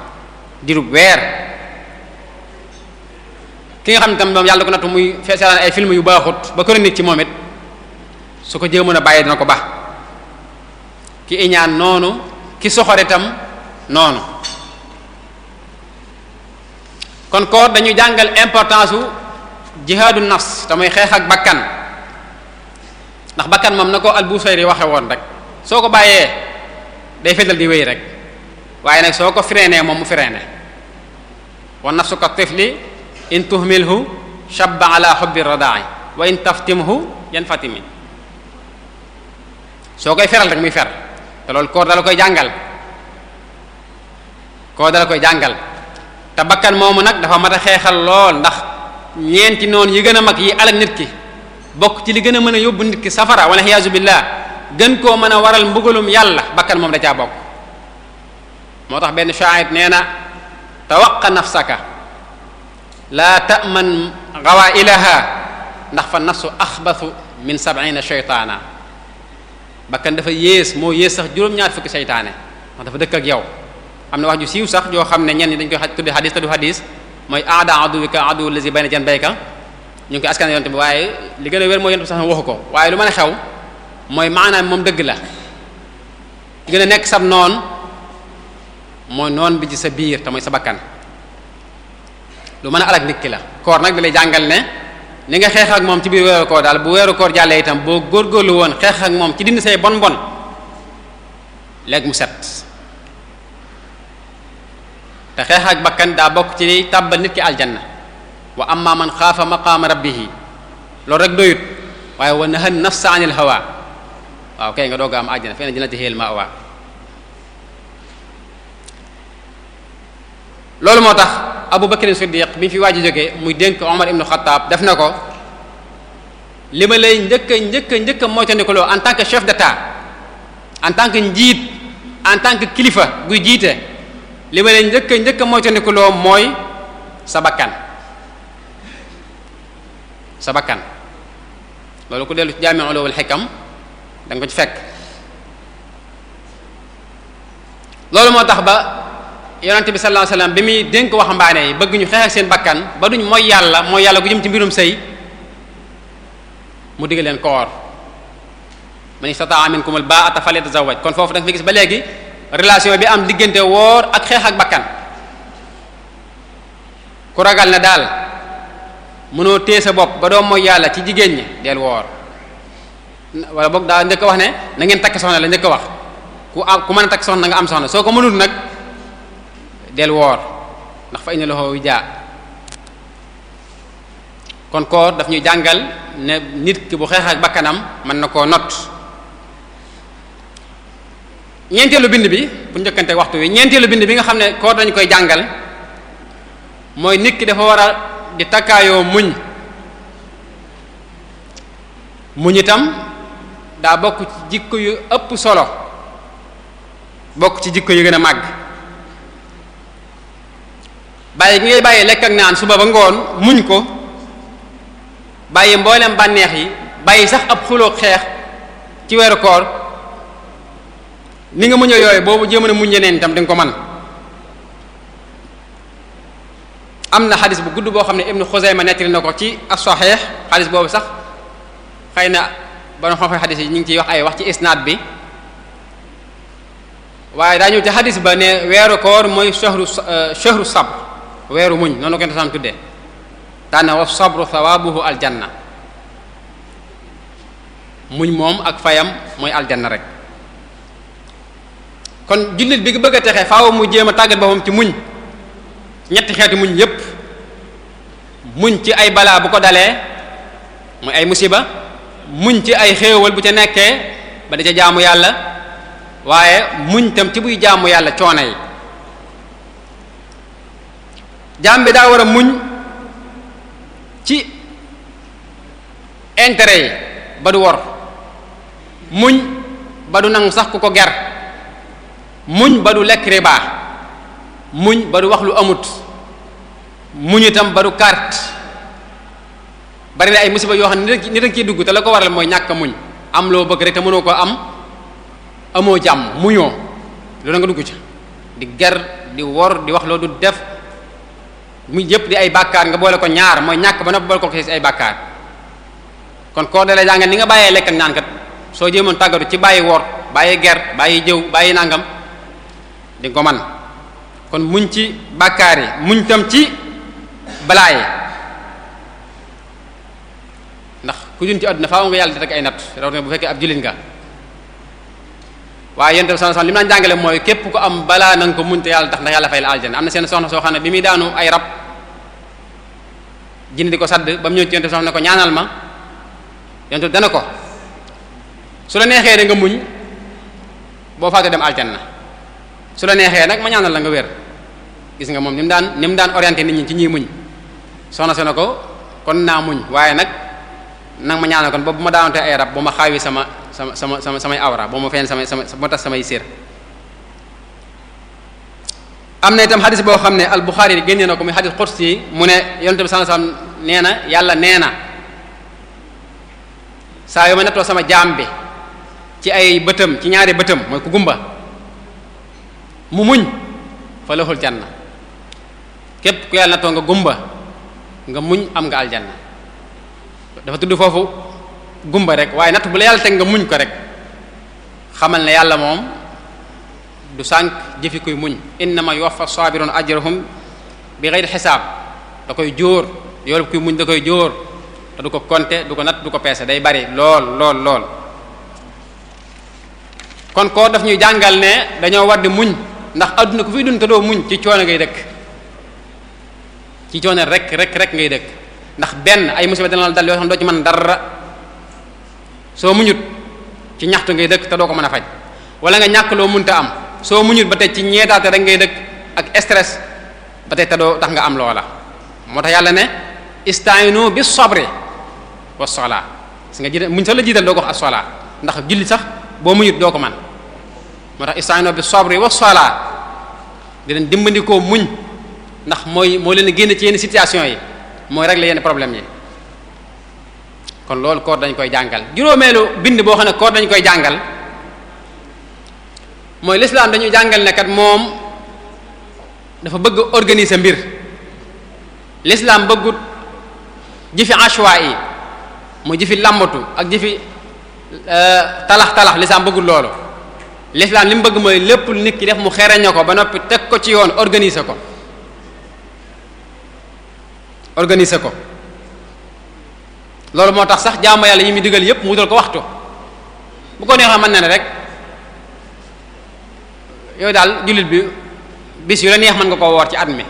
dirub weer ki nga xam ne tam moom yàlla ko nattu muy feesalaan ay film yu baaxut ba ko chronique ci moom it su ko jéemoon a bàyyi dina ko baax ki iñaan noonu ki soxor itam noonu kon koor dañuy jàngal importance u jihaadu nafs te mooy xeex ak bakkan ndax bakkan moom na ko Albusayri waxe woon rek soo ko bàyyee day fetal di wéy rek waaye nag soo ko freiné moom mu freiné wa nafsu ka tifli in tuhmilhu shabba ala xob radaa'i wa in taftimhu yanfatimi soo koy feral rek muy fer te loolu koor dala koy jàngal koor dala koy jàngal te bakkan moomu nag dafa mat a xeexal lool ndax ñeenti noonu yi gën a mag yi alal nit ki bokk ci li gën a mën a yóbbu nit ki safara wala iyaazu billah gën koo mën a waral mbugalum yàlla bakkan moom da caa bokk moo tax benn shaayit nee na tawaqa nafsaka laa taman gawailaha ndax fa nafsu axbathu min sabina sheytaana bakkan dafa yées moo yées sax juróom-ñaar fukki seytaane ndax dafa dëkk ak yow am na wax ju siiw sax joo xam ne ñenn dañ koy tuddi xadis te du mooy aada aduwika adu lazi bayna jan bayka ñu ngi askan yonte bi waaye li gën a wér mooy yonte bi sax waxu ko waaye lu mën a xew mooy maanaam moom dëgg la li gën a nekk sab noon mooy noon bi ci sa biir te mooy sa bakkan lu mën a alak nit la koor nag da lay jàngal ne ni nga xeex moom ci biir weeru koor daal bu weeru koor jàllee itam boo góorgóorlu woon xeex ak moom ci dindi say bon bon léegi mu set te xeex bakkan daa bokk ci tàbbal nit ki aljanna wa amma man xaafa maqaama rabbihi loolu rek doyut waaye wa nahan nafsa anil hawa waaw kay nga doog am àjjana feneen dina tixeel ma waa loolu moo tax abu bakrin siddiq bi ñu fi waaj a jógee muy dénk omar ibnu xataab def na ko li ma lay njëkk a njëkk a njëkk a moytandikuloo en tant que chef d'état en tant que njiit en tant que kilifa guy jiite li ma lay njëkk a njëkk a moytandikuloo mooy sa bakkan sa bakkan loolu ku dellu ci jaami'ul ulumul hikam ko ci fekk loolu moo tax ba yonent bi sallallahu alayhi wasallam bi muy dénk waxambaane yi bëgg ñu xeex ak seen bakkan ba duñ mooy yàlla mooy yàlla ku jëm ci mbirum sëy mu digg leen koor man istata'a minkumul baa'ata falyatazawwaj kon foofu da nga fi gis ba léegi relation bi am diggante woor ak xeex ak bakkan ku ragal ne daal mënoo téye sa bopp ba doo mooy yàlla ci jigéen ñi del woor wala boog daa njëkk wax ne nangeen ngeen takk soxna la njëkk wax ku am ku mën a takk soxna nga am soxna soo ko mënul nag ndax fa ina loxo kon koor daf ñuy jàngal ne nit ki bu xeex bakkanam mën na koo not ñeenteelu bind bi bu njëkkante waxtu wi ñeenteelu bind bi nga xam ne koor dañu koy jàngal mooy nit ki dafa war di takkaayoo muñ muñ itam daa bokk ci jikko yu ëpp solo bokk ci jikko yu gën a màgg bàyyi gi ngay bàyyi lekk ak naan suba ba ngoon muñ ko bàyyi mboolem bànneex yi bàyyi sax ab xuloo xeex ci weeru koor ni nga muñee yooyu boobu jéem a muñ yeneen itam di nga ko man am na xadis bu gudd boo xam ne ibnu xuzayma nettali na ko ci as-sahih xadis boobu sax xëy na borom xam-xam xadis yi ñu ngi ciy wax ay wax ci isnaad bi waaye daa ñëw ci xadis ba ne weeru koor mooy shahru euh, shahru weeru muñ noonu ko sam tuddee daana wa sabru thawaabuhu aljanna muñ moom ak fayam mooy aljanna rek kon jullit bi bëgg a texe faaw mu jéem a tàggat boppam ci muñ ñetti xeeti muñ yépp muñ ci ay balaa bu ko dalee muy ay musiba muñ ci ay xéewal bu ca nekkee ba da ca jaamu yàlla waaye muñ tam ci buy jaamu yàlla coono yi jaam bi daa war a muñ ci intérêt yi ba du wor muñ ba du nangu sax ku ko ger muñ ba du lekk riba muñ ba du wax lu amut muñ itam ba du carte bari na ay musiba yoo xam ne nit ak ciy dugg te la ko waral mooy ñàkk muñ am loo bëgg rek te mënoo ko am amoo jàmm muñoo loolu nga dugg ci di ger di wor di wax loo du def mu yëpp di ay bàkkaar nga boole ko ñaar mooy ñàkk ba na boole ko ci ay bàkkaar kon koo dalee jàngal ni nga bàyyee lekk ak naan soo jéemoon tàggatu ci bàyyi wor bàyyi ger bàyyi jëw bàyyi nangam di nga ko man kon muñ ci bàkkaar yi muñ tam ci balaa yi ndax ku dund ci àdduna faaw nga yàlla di rek ay natt rawatina bu fekkee ab jullit nga waaye yonent bi sallallahu li mu daan mooy képp ko am balaa na ko muñ te tax ndax yàlla fay la aljana am na seen soxna soo xam ne bi muy daanu ay rab jinn di ko sadd ba mu ñëw ci yonent bi ko ñaanal ma yonent dana ko su la neexee da nga muñ boo faatoo dem na su la neexee nag ma ñaanal la nga wér gis nga moom ni mu daan ni mu daan orienté nit ñi ci ñiy muñ soxna si na ko kon naa muñ waaye nag nag ma ñaanal kon ba bu ma daanatee ay rab bu ma xaawi sama sama sama sama samay awra bu ma fenn sama bu ma tas samay sér am na itam xadis boo xam ne al Buxaari génnee na ko muy xadis xudsi yi mu ne yonent bi sallallahu alayhi nee na yàlla nee na saa yu ma nettoo sama jaam bi ci ay bëtam ci ñaari bëtam mooy ku gumba mu muñ fa laxul janna képp ku yàlla natoo nga gumba nga muñ am nga aljanna dafa tudd foofu gumba rek waaye natt bu la yàlla teg nga muñ ko rek xamal ne yàlla moom du sànq jëfi kuy muñ innama yuwaffa sabirun ajrahum bi ghayri xisaab da koy jóor yoolu kuy muñ da koy jóor te du ko compter du ko natt du ko peese day bari lool lool lool kon ko daf ñuy jàngal ne dañoo war muñ ndax adduna ko fiy dund te doo muñ ci coono ngay dëkk ci coono rek rek rek ngay dëkk ndax benn ay musiba dina la dal yoo xam doo ci mën dara soo muñut ci ñaxtu ngay dëkk te doo ko mën a faj wala nga ñàkk loo munta am soo muñut ba tey ci ñeetaate rek ngay dëkk ak stress ba tey te doo tax nga am loola moo tax yàlla ne istainu bis sabri was sala si nga jiital muñ sax la jiital doo ko wax as sala ndax julli sax boo muñut doo ko man moo tax istaino bi sabri wa salaa di leen dimbandikoo muñ ndax mooy moo leen génn ci yenn situation yi mooy régler yenn problème yi kon loolu koor dañ koy jàngal juróomeelu bind boo xam ne koor dañu koy jàngal mooy lislaam dañu jàngal ne moom dafa bëgg organise mbir lislaam bëggut jëfi ashwa yi mu jëfi làmbatu ak jëfi euh, talax talax lislaam bëggut loolu l'islam li mu bëgg mooy lépp lu nit ki def mu xereña ko ba noppi teg ko ci yoon organiser ko organise ko loolu moo tax sax jaamu yàlla yi muy digal yépp mu wutal ko waxtu bu ko neexee mën na ne rek yow daal jullit bi bis yu la neex mën nga ko woor ci at mi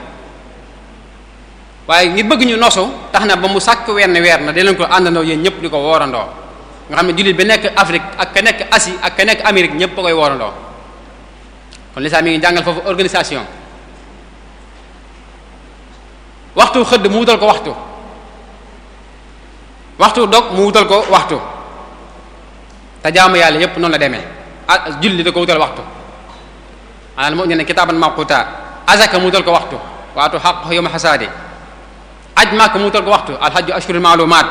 waaye ngir bëgg ñu nosu tax na ba mu sàkk wenn weer na di leen ko àndandoo yéen ñëpp di ko woorandoo nga xam ne jullit bi nekk Afrique ak ka nekk Asie ak ka nekk Amérique ñëpp koy woorandoo kon lislaam mi ngi jàngal foofu organisation waxtu xëdd mu wutal ko waxtu waxtu dog mu wutal ko waxtu te jaamu yàlla yépp noonu la deme ah julli da ko wutal waxtu maanaam moo ñu ne kitaaban maquta azaka mu wutal ko waxtu waatu xaq yoma xasaadi aj màkk mu wutal ko waxtu alxajju ashhurul maalumaat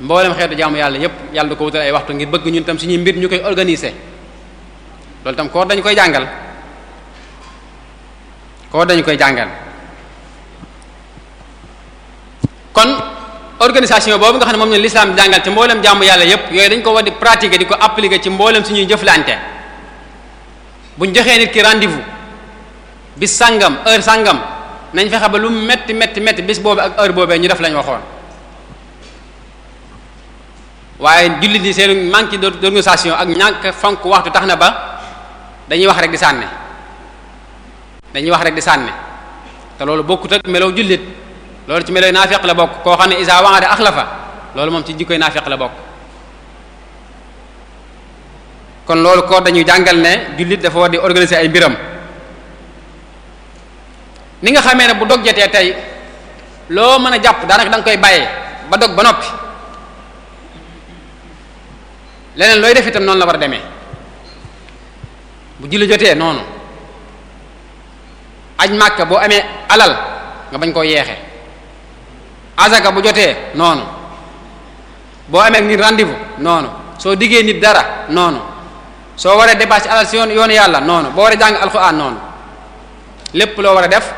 mboolem xeetu jàmm yàlla yépp yàlla du ko wutal ay waxtu ngir bëgg ñun tam suñuy mbir ñu koy organiser loolu tam koor dañu koy jàngal koor dañu koy jàngal kon organisation boobu nga xam ne moom ñun lislaam jàngal ci mboolem jaamu yàlla yépp yooyu dañ ko war di pratiquer di ko appliquer ci mboolem ñuy jëflante buñ joxee nit ki rendez-vous bis sàngam heure sàngam nañ fexe ba lu metti metti metti bis boobu ak heure boobee ñu def lañ waxoon waaye jullit yi seen manque d'organisation ak ñàkk fonk waxtu tax na ba dañuy wax rek di sànne dañuy wax rek di sànne te loolu bokkut ak melow jullit loolu ci melow naafeq la bokk koo xam ne isa waade axlafa loolu moom ci jikkoy naafeq la bokk kon loolu ko dañuy jàngal ne jullit dafa war di organiser ay biram ni nga xamee ne bu dog jotee tey loo mën a jàpp daanaka da nga koy bàyyee ba dog ba noppi leneen looy def itam noonu la war a demee bu julli jotee noonu aj màkka boo amee alal nga bañ koo yeexe azaka bu jotee noonu boo amee nit rendez-vous noonu soo diggee nit dara noonu soo waree dépassé alal si yoon yoonu yàlla noonu boo waree jàng alxuraan noonu lépp loo war a def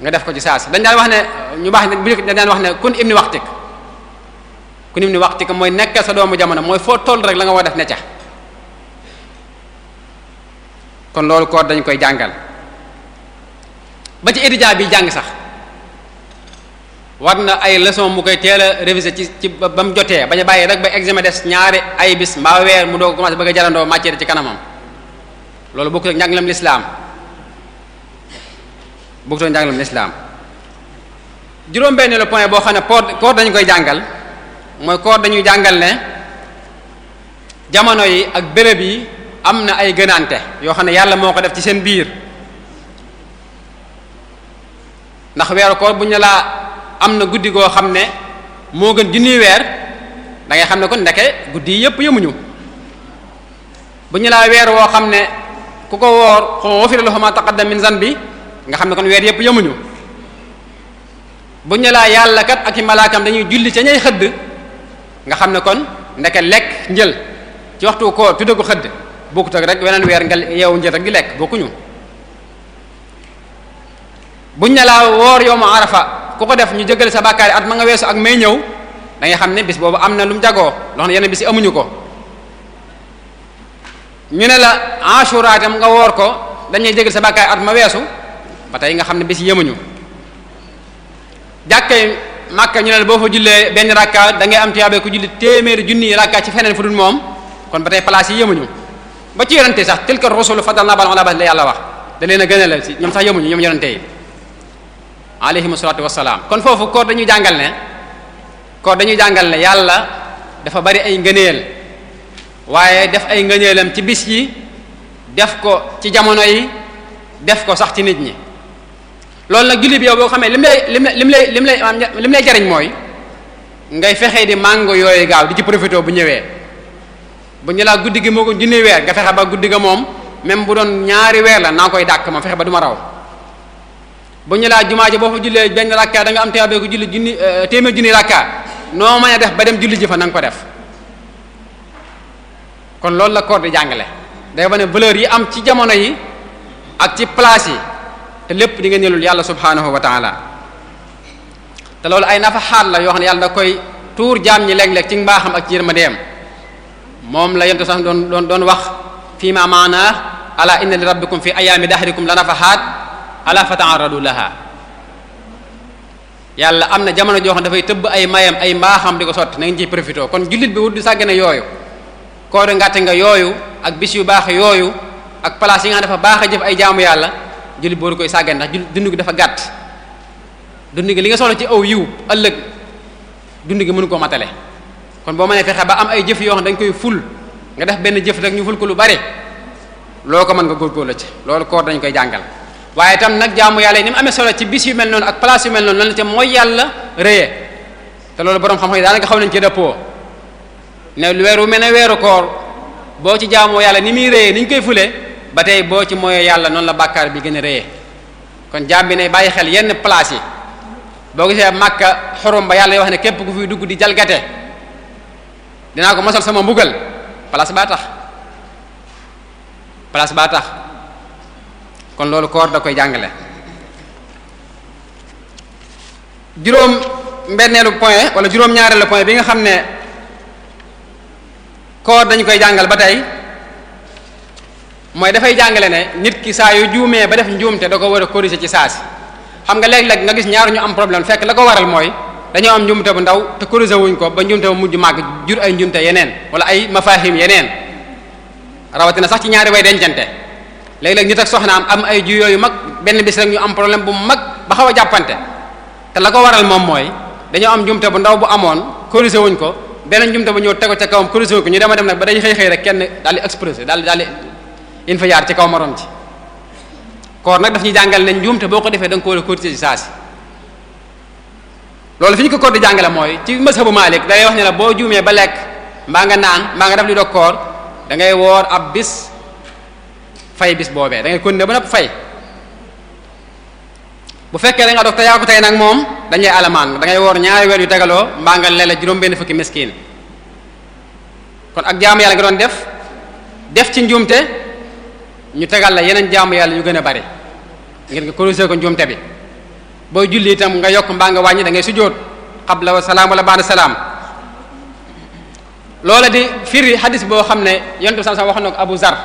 nga def ko ci saa dañ daan wax ne ñu baax bu dañ daan wax ne kun ibni waxtik ku nim ni waxti ko mooy nekkal sa doomu jamono mooy foo toll rek la nga war def ne kon loolu koor dañ koy jàngal ba ci étudiant bi jàng sax war na ay leçon mu koy teel a ci ci ba mu jotee ba ñu bàyyi rek ba examen des ñaari ay bis mbaa weer mu doog commencé bëgg a jarandoo matière ci kanamam loolu bokkut ak njàngalam lislaam bokkut ak njàngalam lislaam juróom-benn la point boo xam ne koor dañ koy jàngal mooy koor dañuy jàngal ne jamono yi ak bërëb yi am na ay gënaante yoo xam ne yàlla moo ko def ci seen biir ndax weeru koor bu ñu laa am na guddi goo xam ne moo gën junniy weer da xam ne kon ndeke guddi yi yëpp yemuñu bu ñu laa weer woo xam ne ku ko woor xufira lahu ma taqaddama min zanbi nga xam ne kon weer yëpp yemuñu bu ñu laa yàlla kat ak i malaakam dañuy julli ca ñay xëdd nga xam ne kon ndeke lekk njël ci waxtu koor tudde ko xëdd bokkut ak rek weneen weer nga yeewu njël rek di lekk bokkuñu buñ ne laa woor yow ma arafa ku ko def ñu jëgale sa bàkkaari at ma nga weesu ak may ñëw da xam ne bis boobu am na lu mu jagoo yenn bis yi amuñu ko ñu ne la ashura tam nga woor ko dañuy jëgal sa bàkkaari at ma weesu ba tey nga xam ne bis yëmuñu jàkkee Makka ñu ne boo fa jullee benn rakka da ngay am tiyaaba ku julli téeméeri junni rakka ci feneen fu dul moom kon ba tey place yi yëmuñu ba ci yonente sax tilka rusulu faddalnaa ba'dahum 'alaa ba'din la yàlla wax da leen a gën a la si ñoom sax yëmuñu ñoom yonente yi alayhimu wa wassalaam kon foofu koor dañuy jàngal ne dañuy jàngal yàlla dafa bari ay ngëneel waaye def ay ngëneelam ci bis yi def ko ci jamono yi def ko sax ci nit ñi loolu nag julli bi yow boo xamee lim lay lim lim lay lim lay lim lay jariñ mooy ngay fexe di màngo yooyu gaaw di ci profité bu ñëwee bu ñu laa guddi gi moo ko junni weer nga fexe ba guddi ga moom même bu doon ñaari la naa koy ma fexe ba du ma raw bu ñu laa jumaa ji boo fa jullee benn rakka da nga am teewee ko julli junni euh, téeméer junni rakka noo mën a def ba dem julli ji fa na nga ko def kon loolu la koor di jàngale day ba ne valeur yi am ci jamono yi ak ci place yi te lépp di nga nelul yàlla subhanahu wa taala te loolu ay nafaxaat la yoo xam ne yàlla da koy tuur jaam ñi léeg-léeg ci mbaaxam ak ci yërmandeem moom la yonte sax doon doon wax fii ma maana ala inna li rabbikum fi ayaami dahrikum la nafaxaat ala fataaradu laha yàlla am na jamono joo xam dafay tëbb ay mayam ay mbaaxam di ko sotti na ngeen ciy kon jullit bi wut di sàggane yooyu koori ngàtte nga yooyu ak bis yu baax yooyu ak place yi nga xam dafa baax a jëf ay jaamu yàlla jullit booru koy sàggan ndax dund gi dafa gàtt dund gi li nga soxla ci aw yiw ëllëg dund gi mënu koo matale kon boo mënee fexe ba am ay jëf yoo xam dañ koy ful nga def benn jëf rek ñu ful ko lu bari loo ko mën nga góorgóorlu ci loolu koor dañ koy jàngal waaye tam nag jaamu yàlla yi ni mu amee solo ci bis yu mel noonu ak place yu mel noonu lan la mooy yàlla rëyee te loolu borom xam-xam yi daanaka xaw nañ ci dëppoo ne weeru mel ne weeru koor boo ci jaamoo yàlla ni muy koy fulee ba tey boo ci mooyee yàlla noonu la bàkkaar bi gën a rëyee kon jàmbi na ne bàyyi xel yenn place yi boo gisee màkka xorom ba yàlla yoo wax ne képp ku fiy dugg di jalgate dinaa ko mosal sama mbugal place baa tax place baa tax kon loolu koor da koy jàngale juróom mbenneelu point wala juróom ñaareelu point bi nga xam ne koor dañu koy jàngal ba tey mooy dafay jàngale ne nit ki saa yu juumee ba def njuumte da ko war a corriger ci saa si léeg-léeg nga gis ñaar ñu am problème fekk la ko waral mooy dañoo am njuumte bu ndaw te corriger wuñ ko ba njuumte bu mujj màgg jur ay njuumte yeneen wala ay mafahim yeneen rawatina sax ñaari way dencante léeg-léeg nit ak soxnaam am ay juyoo yu mag benn bis rek ñu am problème bu mag ba xaw a jàppante te la ko waral moom mooy dañoo am njuumte bu ndaw bu amoon corriger wuñ ko beneen njuumte bu ñëw tegu ca kawam corriger ko ñu dema dem nag ba dañu xëy xëy rek kenn daal di expressé daal daal infiyaar ci kaw morom ci koor nag daf ñuy jàngal ne njuumte boo ko defee da nga ko a corriger ci saa si loolu fi ñu ko koor di jàngale mooy ci mazhabu Maalik da ngay wax ne la boo juumee ba lekk mbaa nga naan mbaa nga def li doog koor da ngay woor ab bis fay bis boobee da ngay continuer ba nag fay bu fekkee da nga doog te ko tey nag moom dañuy alamaan da ngay woor ñaari weer yu dagaloo mbaa nga lele juróom-benn fukki miskin kon ak jaamu yàlla nga doon def def ci njuumte ñu tegal la yeneen jaamu yàlla yu gën a bari ngir nga corriger ko njuumte bi booy julli itam nga yokk mbaa nga wàññi da ngay sujjóot qabla wa salaam wala ba'da salaam loola di firi xadis boo xam ne yonent bi sallallahu alayhi wasallam waxoon na ko Abu Zar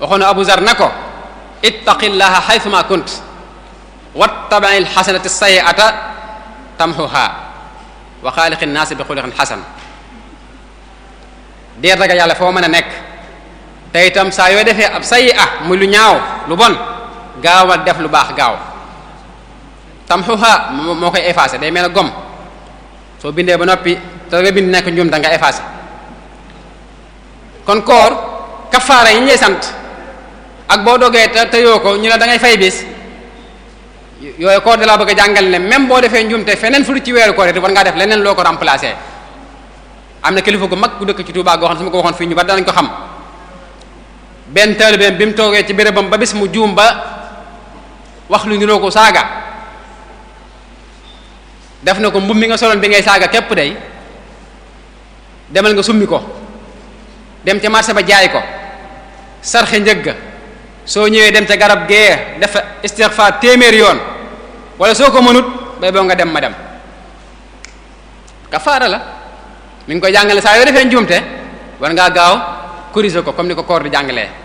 waxoon na Abu Zar na ko ittaqillaha haythuma kunt wattaba'il hasanati sayyi'ata tamhuha wa xaaliqin naasi bi xuluqin hasan dee ragal yàlla foo mën a nekk tey itam saa yoo defee ab sayi ah muy lu ñaaw lu bon gaaw gaawal def lu baax gaaw tamxuha moo koy effacé day mel ne gomm soo bindee ba noppi te nga bind nekk njum da nga effacé kon koor kafaara yi ñu lay sant ak boo dogee te te yoo ko ñu ne da ngay fay bis yooyu koor da bëgg a jàngal ne même boo defee njum te feneen fu lu ci weeru koor war ngaa def leneen loo ko remplacer am na kilifa gu mag ku dëkk ci Touba goo xam su ma ko waxoon fii ñu ba ko xam. benn taalibeem bi mu toogee ci bérébam ba bis mu juum ba wax lu niroo ko saaga def na ko mbubb mi nga soloon bi ngay saaga képp day demal nga summi ko dem ca marché ba jaay ko sarxe njëg ga soo ñëwee dem ca garab gee def istighfar téeméer yoon wala soo ko mënut bay boo nga dem ma dem kafaara la mu ngi koy jàngale saa yoo defee njuumte war ngaa gaaw corriger ko comme ni ko koor di jàngalee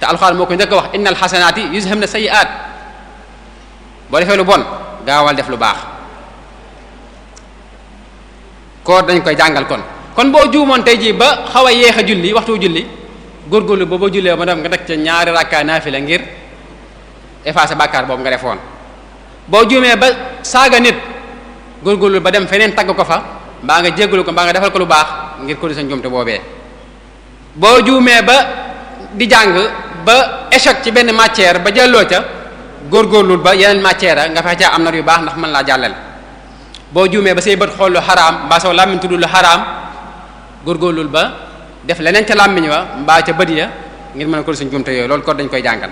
te alxuraan moo ko njëkk a wax innal xasanaati yuzhibna sayyi'aat boo defee lu bon gaawal def lu baax koor dañ koy jàngal kon kon boo juumoon tey jii ba xaw a yéex a julli waxtu julli góorgóorlu ba ba jullee ba dem nga teg ca ñaari rakkaa naafila ngir effacer bàkkaar boobu nga defoon boo juumee ba saaga nit góorgóorlu ba dem feneen tagg ko fa mbaa nga jéggalu ko mbaa nga defal ko lu baax ngir ko sa njuumte boobee boo juumee ba di jàng ba échec ci benn matière ba jàlloo ca góor góorgóorlul ba yeneen matière nga fexe caa am na yu baax ndax mën laa jàllale boo juumee ba say bët xool lu xaraam mbaa soo làmmiñ tudd lu xaraam góor góorgóorlul ba def leneen ca làmmiñ wa mbaa ca bët ya ngir mën a ko suñ juumte yooyu loolu kon dañ koy jàngal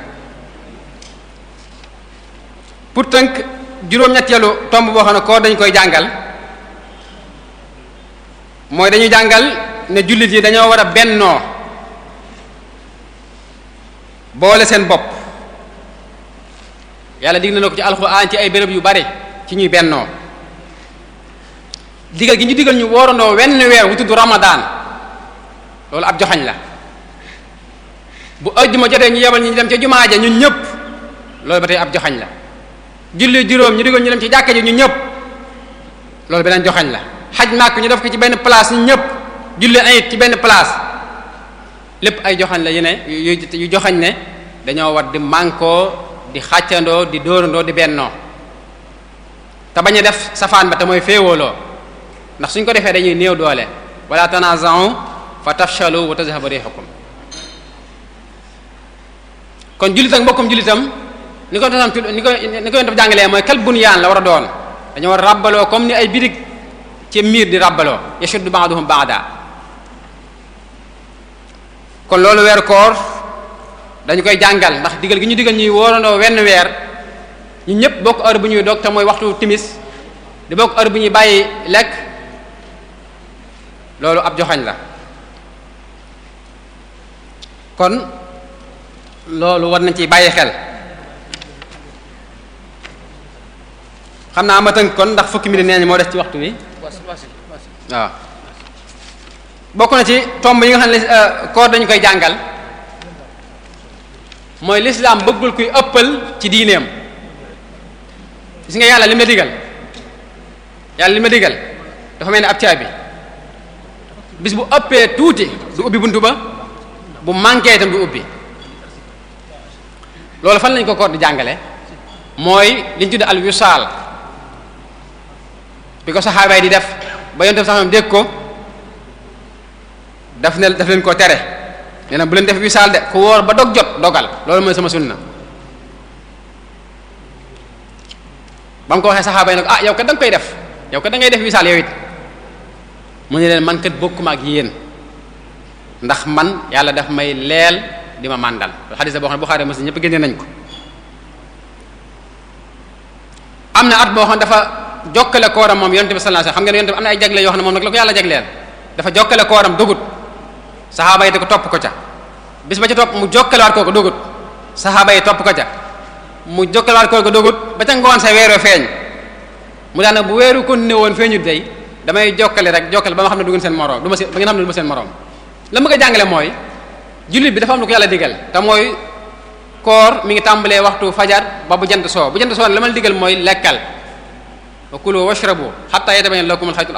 pour tënk juróom-ñetteelu tomb boo xam ne koor dañ koy jàngal mooy dañu jàngal ne jullit yi dañoo war a bennoo boole seen bopp yàlla dig na ko ci alxuraan ci ay béréb yu bari ci ñuy bennoo digal gi ñu digal ñu woorandoo wenn weer wu tudd ramadaan loolu ab joxañ la bu ajjuma jotee ñu yebal ñu dem ca jumaa ja ñun ñëpp loolu ba tey ab joxañ la julli juróom ñu digal ñu dem ci jàkka ji ñun loolu beneen joxañ la xaj màkk ñu def ko ci benn place ñun ñëpp julli ayit ci benn place lépp ay joxañ la yu ne yu joxañ ne dañoo war di mànkoo di xàccandoo di doorandoo di bennoo te bañ def safaan ba te mooy féewooloo ndax suñ ko defee dañuy néew doole wala tanaza'u fa tafshalu wa tazhaba rihukum kon jullit ak mbokkum jullitam ni ko doon ni ko ni ko doon jàngalee mooy kal bunyaan la war a doon dañoo war a ràbbaloo comme ni ay birig ci miir di ràbbaloo yashuddu ba'duhum ba'da kon loolu weeru koor dañu koy jàngal ndax digal gi ñu digal ñuy woorandoo wenn weer ñi ñëpp bokk heure bu ñuy dog te mooy waxtu timis di bokk heure bu ñuy bàyyi lekk loolu ab joxañ la kon loolu war nañ ci bàyyi xel xam naa ma tënk kon ndax fukki minute nee nañ moo des ci waxtu wi waaw bokk na ci tomb yi nga xam ne euh, koor dañu koy jàngal mooy lislaam bëggul kuy ëppal ci diineem gis nga yàlla li ma digal yàlla li ma digal dafa mel ni ab bi bis bu ëppee tuuti du ubbi buntu ba bu manqué itam du ubbi loolu fan lañ ko koor di jàngale mooy liñ tudd al wisaal bi ko saxaaba di def ba yonte sax moom dégg ko daf ne daf leen ko tere nee na bu leen def wisaal de ku woor ba dog jot dogal loolu mooy sama sunna ba mu ko waxee saxaaba yi ne ko ah, yow kat da koy def yow da ngay def wisaal yow mu ne leen man kat bokkuma ak yéen ndax man yàlla daf may leel di ma màndal xadis boo xam ne Buxaari ñëpp génne nañ ko am na at boo xam ne dafa jokkale kooram moom yonent bi sallallahu alayhi wasallam xam nga ne yonent bi am na ay jagle yoo xam ne moom nag la ko yàlla jagleel dafa jokkale kooram dugut saxaaba yi di ko topp ko ca bis ba ca topp mu jokkalewaat ko dogut saxaaba yi topp ko ca mu jokkalewaat ko dogut ba ca ngoon sa weeroo feeñ mu daana bu weeru continué woon feeñut day damay jokkale rek jokkale ba ma xam ne du ngeen seen moroom du ma seen ba seen moroom la ma ko jàngale mooy jullit bi dafa am lu ko yàlla digal te mooy koor mi ngi tàmbalee waxtu fajar ba bu jant soo bu jant soo ne la ma digal mooy lekkal wa kulu washrabu hatta yatabayyana lakum al-khaytul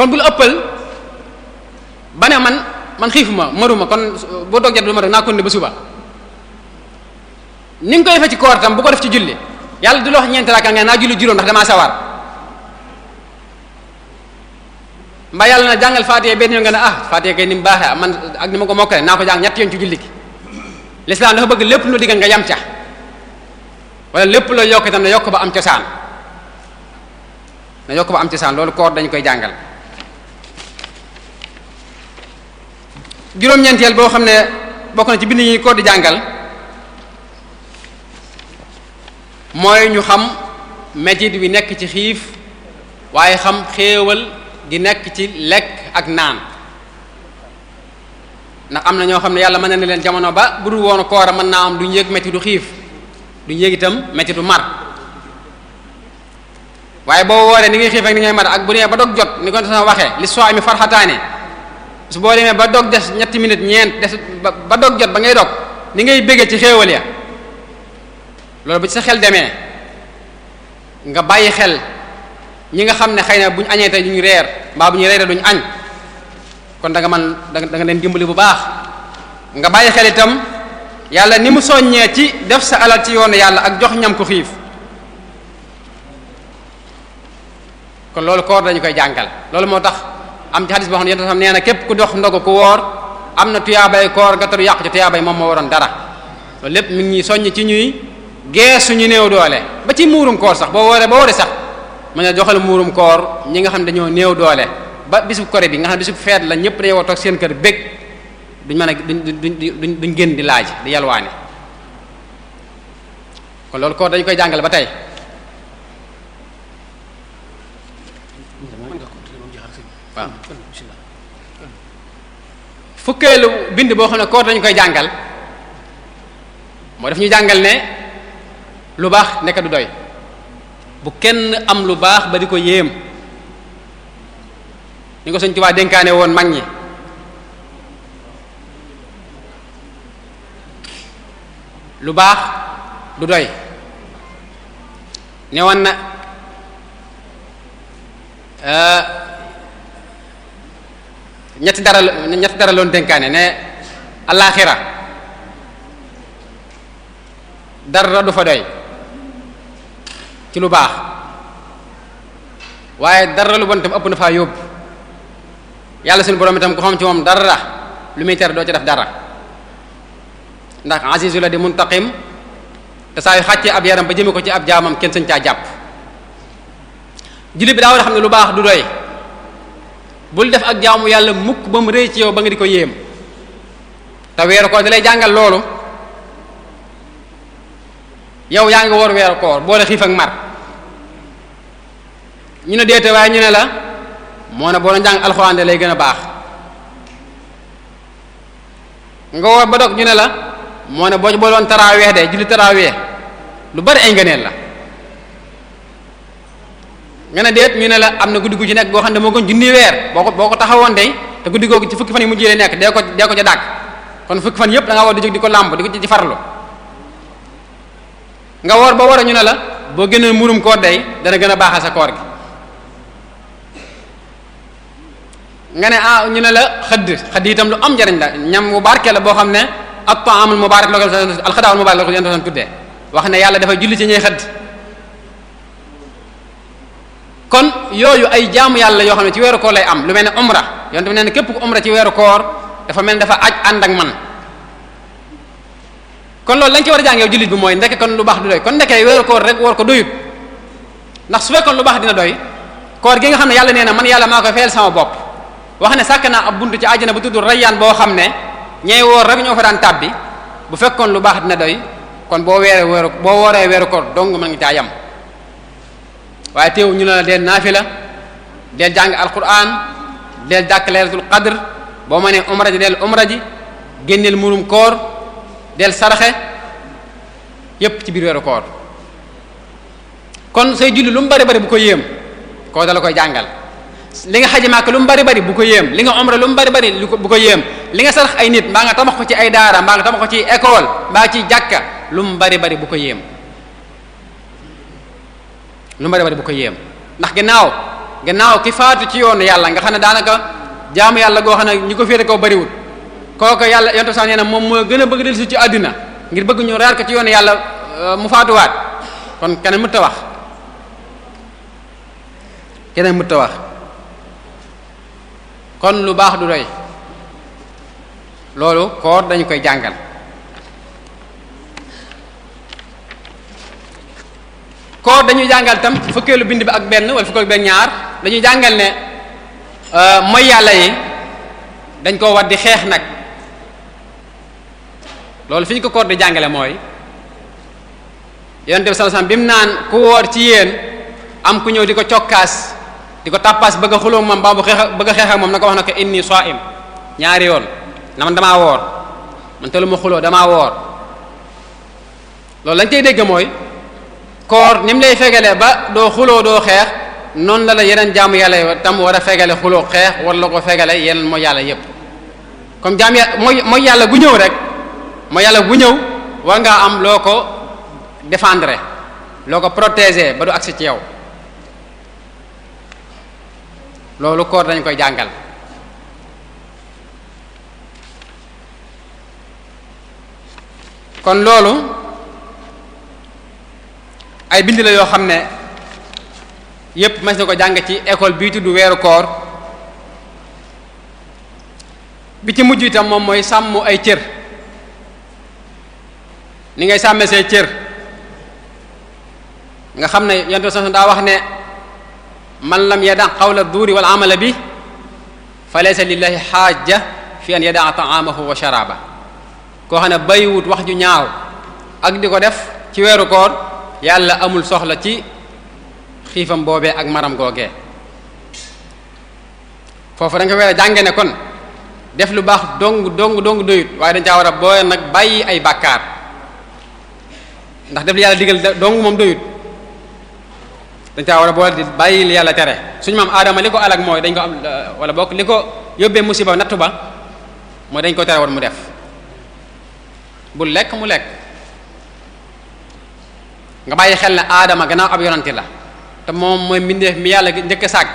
abyad ba ne man man xiifuma maruma kon boo doog jot du ma doog naa ko ba suba ni nga koy defee ci koor tam bu ko def ci julli yàlla du la wax ñeenti raaka nga naa julli juróom ndax damaa sawar mbaa yàlla na jàngal Faatiha benn nga ne ah Faatiha kay ni mu baaxee man ak ni ma ko mokkale naa ko jàng ñett yoon ci julli gi lislaam dafa bëgg lépp lu diggal nga yam ca wala lépp loo yokk itam na yokk ba am cosaan na yokk ba am cosaan loolu koor dañu koy jàngal juróom-ñeenteel boo xam ne bokk na ci bind yi ko di jàngal mooy ñu xam metit wi nekk ci xiif waaye xam xéewal gi nekk ci lekk ak naan ndax am na ñoo xam ne yàlla mën na leen jamono ba bu dul woon koora mën naa am duñ yëg metitu xiif duñ yëg itam metitu mar waaye boo wooree ni ngay xiif ni ngay mar ak bu nee ba dog jot ni ko sama waxee li soo amee farxataane su boo demee ba dog des ñetti minutes ñeent des ba dog jot ba ngay dog ni ngay bëgge ci xéewal ya loolu bu ci sa xel demee nga bàyyi xel ñi nga xam ne xëy na bu ñu añee tey duñu reer mbaa bu ñu reeree duñu añ kon da man mën da nga leen dimbali bu baax nga bàyyi xel itam yàlla ni mu soññee ci def sa alal ci yoon yàlla ak jox ñam ko xiif kon loolu koor dañu koy jàngal loolu moo tax am ci xadis boo xam ne yonent sam nee na képp ku dox ndogu ku woor am na tuyaabay koor gataru yàqu ci tuyaabay moom moo waroon dara loolu lépp mi ngi ñuy soññ ci ñuy geesu ñu néew doole ba ci muurum koor sax boo wooree ba wooree sax mu ne joxal muurum koor ñi nga xam dañoo néew doole ba bisu koré bi nga xam ne bisu feet la ñëpp dañoo toog seen kër bég ñu mën a duñ duñ duñ gën di laaj di yalwaane kon loolu koor dañu koy jàngale ba tey waaw fukkeelu bind boo xam ne koor dañu koy jàngal moo daf ñu jàngal ne lu baax nekk du doy bu kenn am lu baax ba di ko yéem ni ko Sëñ Tuubaa dénkaane woon mag ñi lu baax du doy ne woon na euh, ñetti dara ñetti dara loon dénkaane ne alaaxira dara du fa doy ci lu baax waaye dara lu bon tam ëpp na faa yóbbu yàlla seen borom itam ku xam ci moom dara lu muy tere doo ci def dara ndax azizu la di muntaqim te saa yu xàccee ab yaram ba jëme ko ci ab jaamam kenn sañ caa jàpp jullit bi daa war a xam ne lu baax du doy bul def ak jaamu yàlla mukk ba mu rëy ci yow ba nga di ko yéem te weeru koor da jàngal loolu yow yaa ngi woor weeru koor boole xiif ak mar ñu ne déete waaye ñu ne la moo ne boo doon jàng alxuraan lay gën a baax nga woor ba dog ñu ne la moo ne boo ci booloon taraaweex de julli taraaweex lu bari ay ngëneel la nga ne déet ñu ne la am na guddi gu ci nekk goo xam ne moo gën junni weer boo ko boo ko taxawoon day te guddi googu ci fukki fan yi mujj lay nekk dee ko dee ko ca dàq kon fukki fan yëpp da war di ko làmb di ko ci ba war a ñu ne la boo génnee murum koor day dana gën a baaxal sa koor gi nga ne ah ñu ne la xëdd xëdd itam lu am njariñ la ñam mu barke la boo xam ne at-ta'amul mubaarak la ko alxadaawul mubaarak la ko yéen tudde wax ne yàlla dafay julli ci ñuy xëdd kon yooyu ay jaamu yàlla yoo xam ne ci weeru koor lay am lu mel ne umra yonent bi nee na képp ku umra ci weeru koor dafa mel dafa aj ànd ak man kon loolu dañ ci war a jàng yow jullit bi mooy ndeke kon lu baax du doy kon ndeke weeru koor rek war ko doyut ndax su fekkoon lu baax dina doy koor gi nga xam ne yàlla nee na man yàlla maa koy fayal sama bopp wax ne sàkk naa ab buntu ci àjjana bu tudd rayyaan boo xam ne ñee woor rek ñoo fa daan tàbbi bu fekkoon lu baax dina doy kon boo weeree weeru boo wooree weeru koor dong mën nga caa yam waaye teew ñu ne la deel naafila deel jàng alquran deel jàkk laylatul qadr boo ma nee umra ji deel umra ji génneel murum koor deel saraxe yépp ci biir weeru koor kon sey julli lu mu bari bari bu ko yéem koo dala koy jàngal li nga xaji màkk lu mu bari bari bu ko yéem li nga omra lu mu bari bari bu ko yéem li nga sarax ay nit mbaa nga tabax ko ci ay daara mbaa nga tabax ko ci école mbaa ci jàkka lu mu bari bari bu ko yéem lu bari bari bu ko yéem ndax gannaaw gannaaw ki faatu ci yoonu yàlla nga xam ne daanaka jaamu yàlla goo xam ne ñu ko féete koo bariwul kooku yàlla yonte sax nee na moom moo gën a bëgg dellusi ci àddina ngir bëgg ñu raar ko ci yoonu yàlla euh, mu faatuwaat kon keneen mënut a wax keneen mënut a wax kon lu baax du doy loolu koor dañu koy jàngal koor dañuy jàngal tam fukkeelu bind bi ak benn wala fukkeelu benn ñaar dañuy jàngal ne euh, mooy yàlla yi dañ koo war di xeex nag loolu fi ñu ko koor di jàngale mooy yonente bi sallallahu alayhi bi mu naan ku woor ci yéen am ku ñëw di ko cokkaas di ko tàppaas bëgg a xuloo moom baa bu xeex bëgg a xeex moom na ko wax na ko inni saim ñaari yoon na man damaa woor man lu ma xuloo damaa woor loolu lañ tey dégg mooy koor ni mu lay fegale ba doo xuloo doo xeex noonu la la yeneen jaamu yàlla yo tam war a fegale xuloo xeex war la ko fegale yeneen mooy yàlla yépp comme jaam yàlla mooy mooy yàlla gu ñëw rek mooy yàlla gu ñëw war ngaa am loo ko défendre loo ko protéger ba du agsi ci yow loolu koor dañ koy jàngal kon loolu ay bind la yoo xam ne yépp mas ko jàng ci école bii tudd weeru koor bi ci mujj itam moom mooy sàmm ay cër ni ngay sàmme say cër nga xam ne yonte sa daa wax ne man lam yada qawla duuri wal amala bi fa laysa lillahi xaaja fi an yada taamahu wa sharaaba koo xam ne bàyyiwut wax ju ñaaw ak di ko def ci weeru koor yàlla amul soxla ci xiifam boobee ak maram googee foofu da nga war a jànge ne kon def lu baax dong dong dong doyut waaye dañ caa war a booy nag bàyyi ay bàkkaar ndax def li yàlla digal dong moom doyut dañ caa war a boole di bàyyi li yàlla tere suñu maam aadama li ko alag mooy dañ ko am euh, wala bokk li ko yóbbee musiba nattu ba mooy dañ ko tere woon mu def bu lekk mu lekk nga bàyyi xel ne aadama gannaaw ab yonante la te moom mooy mbindeef mi yàlla njëkk a sàkk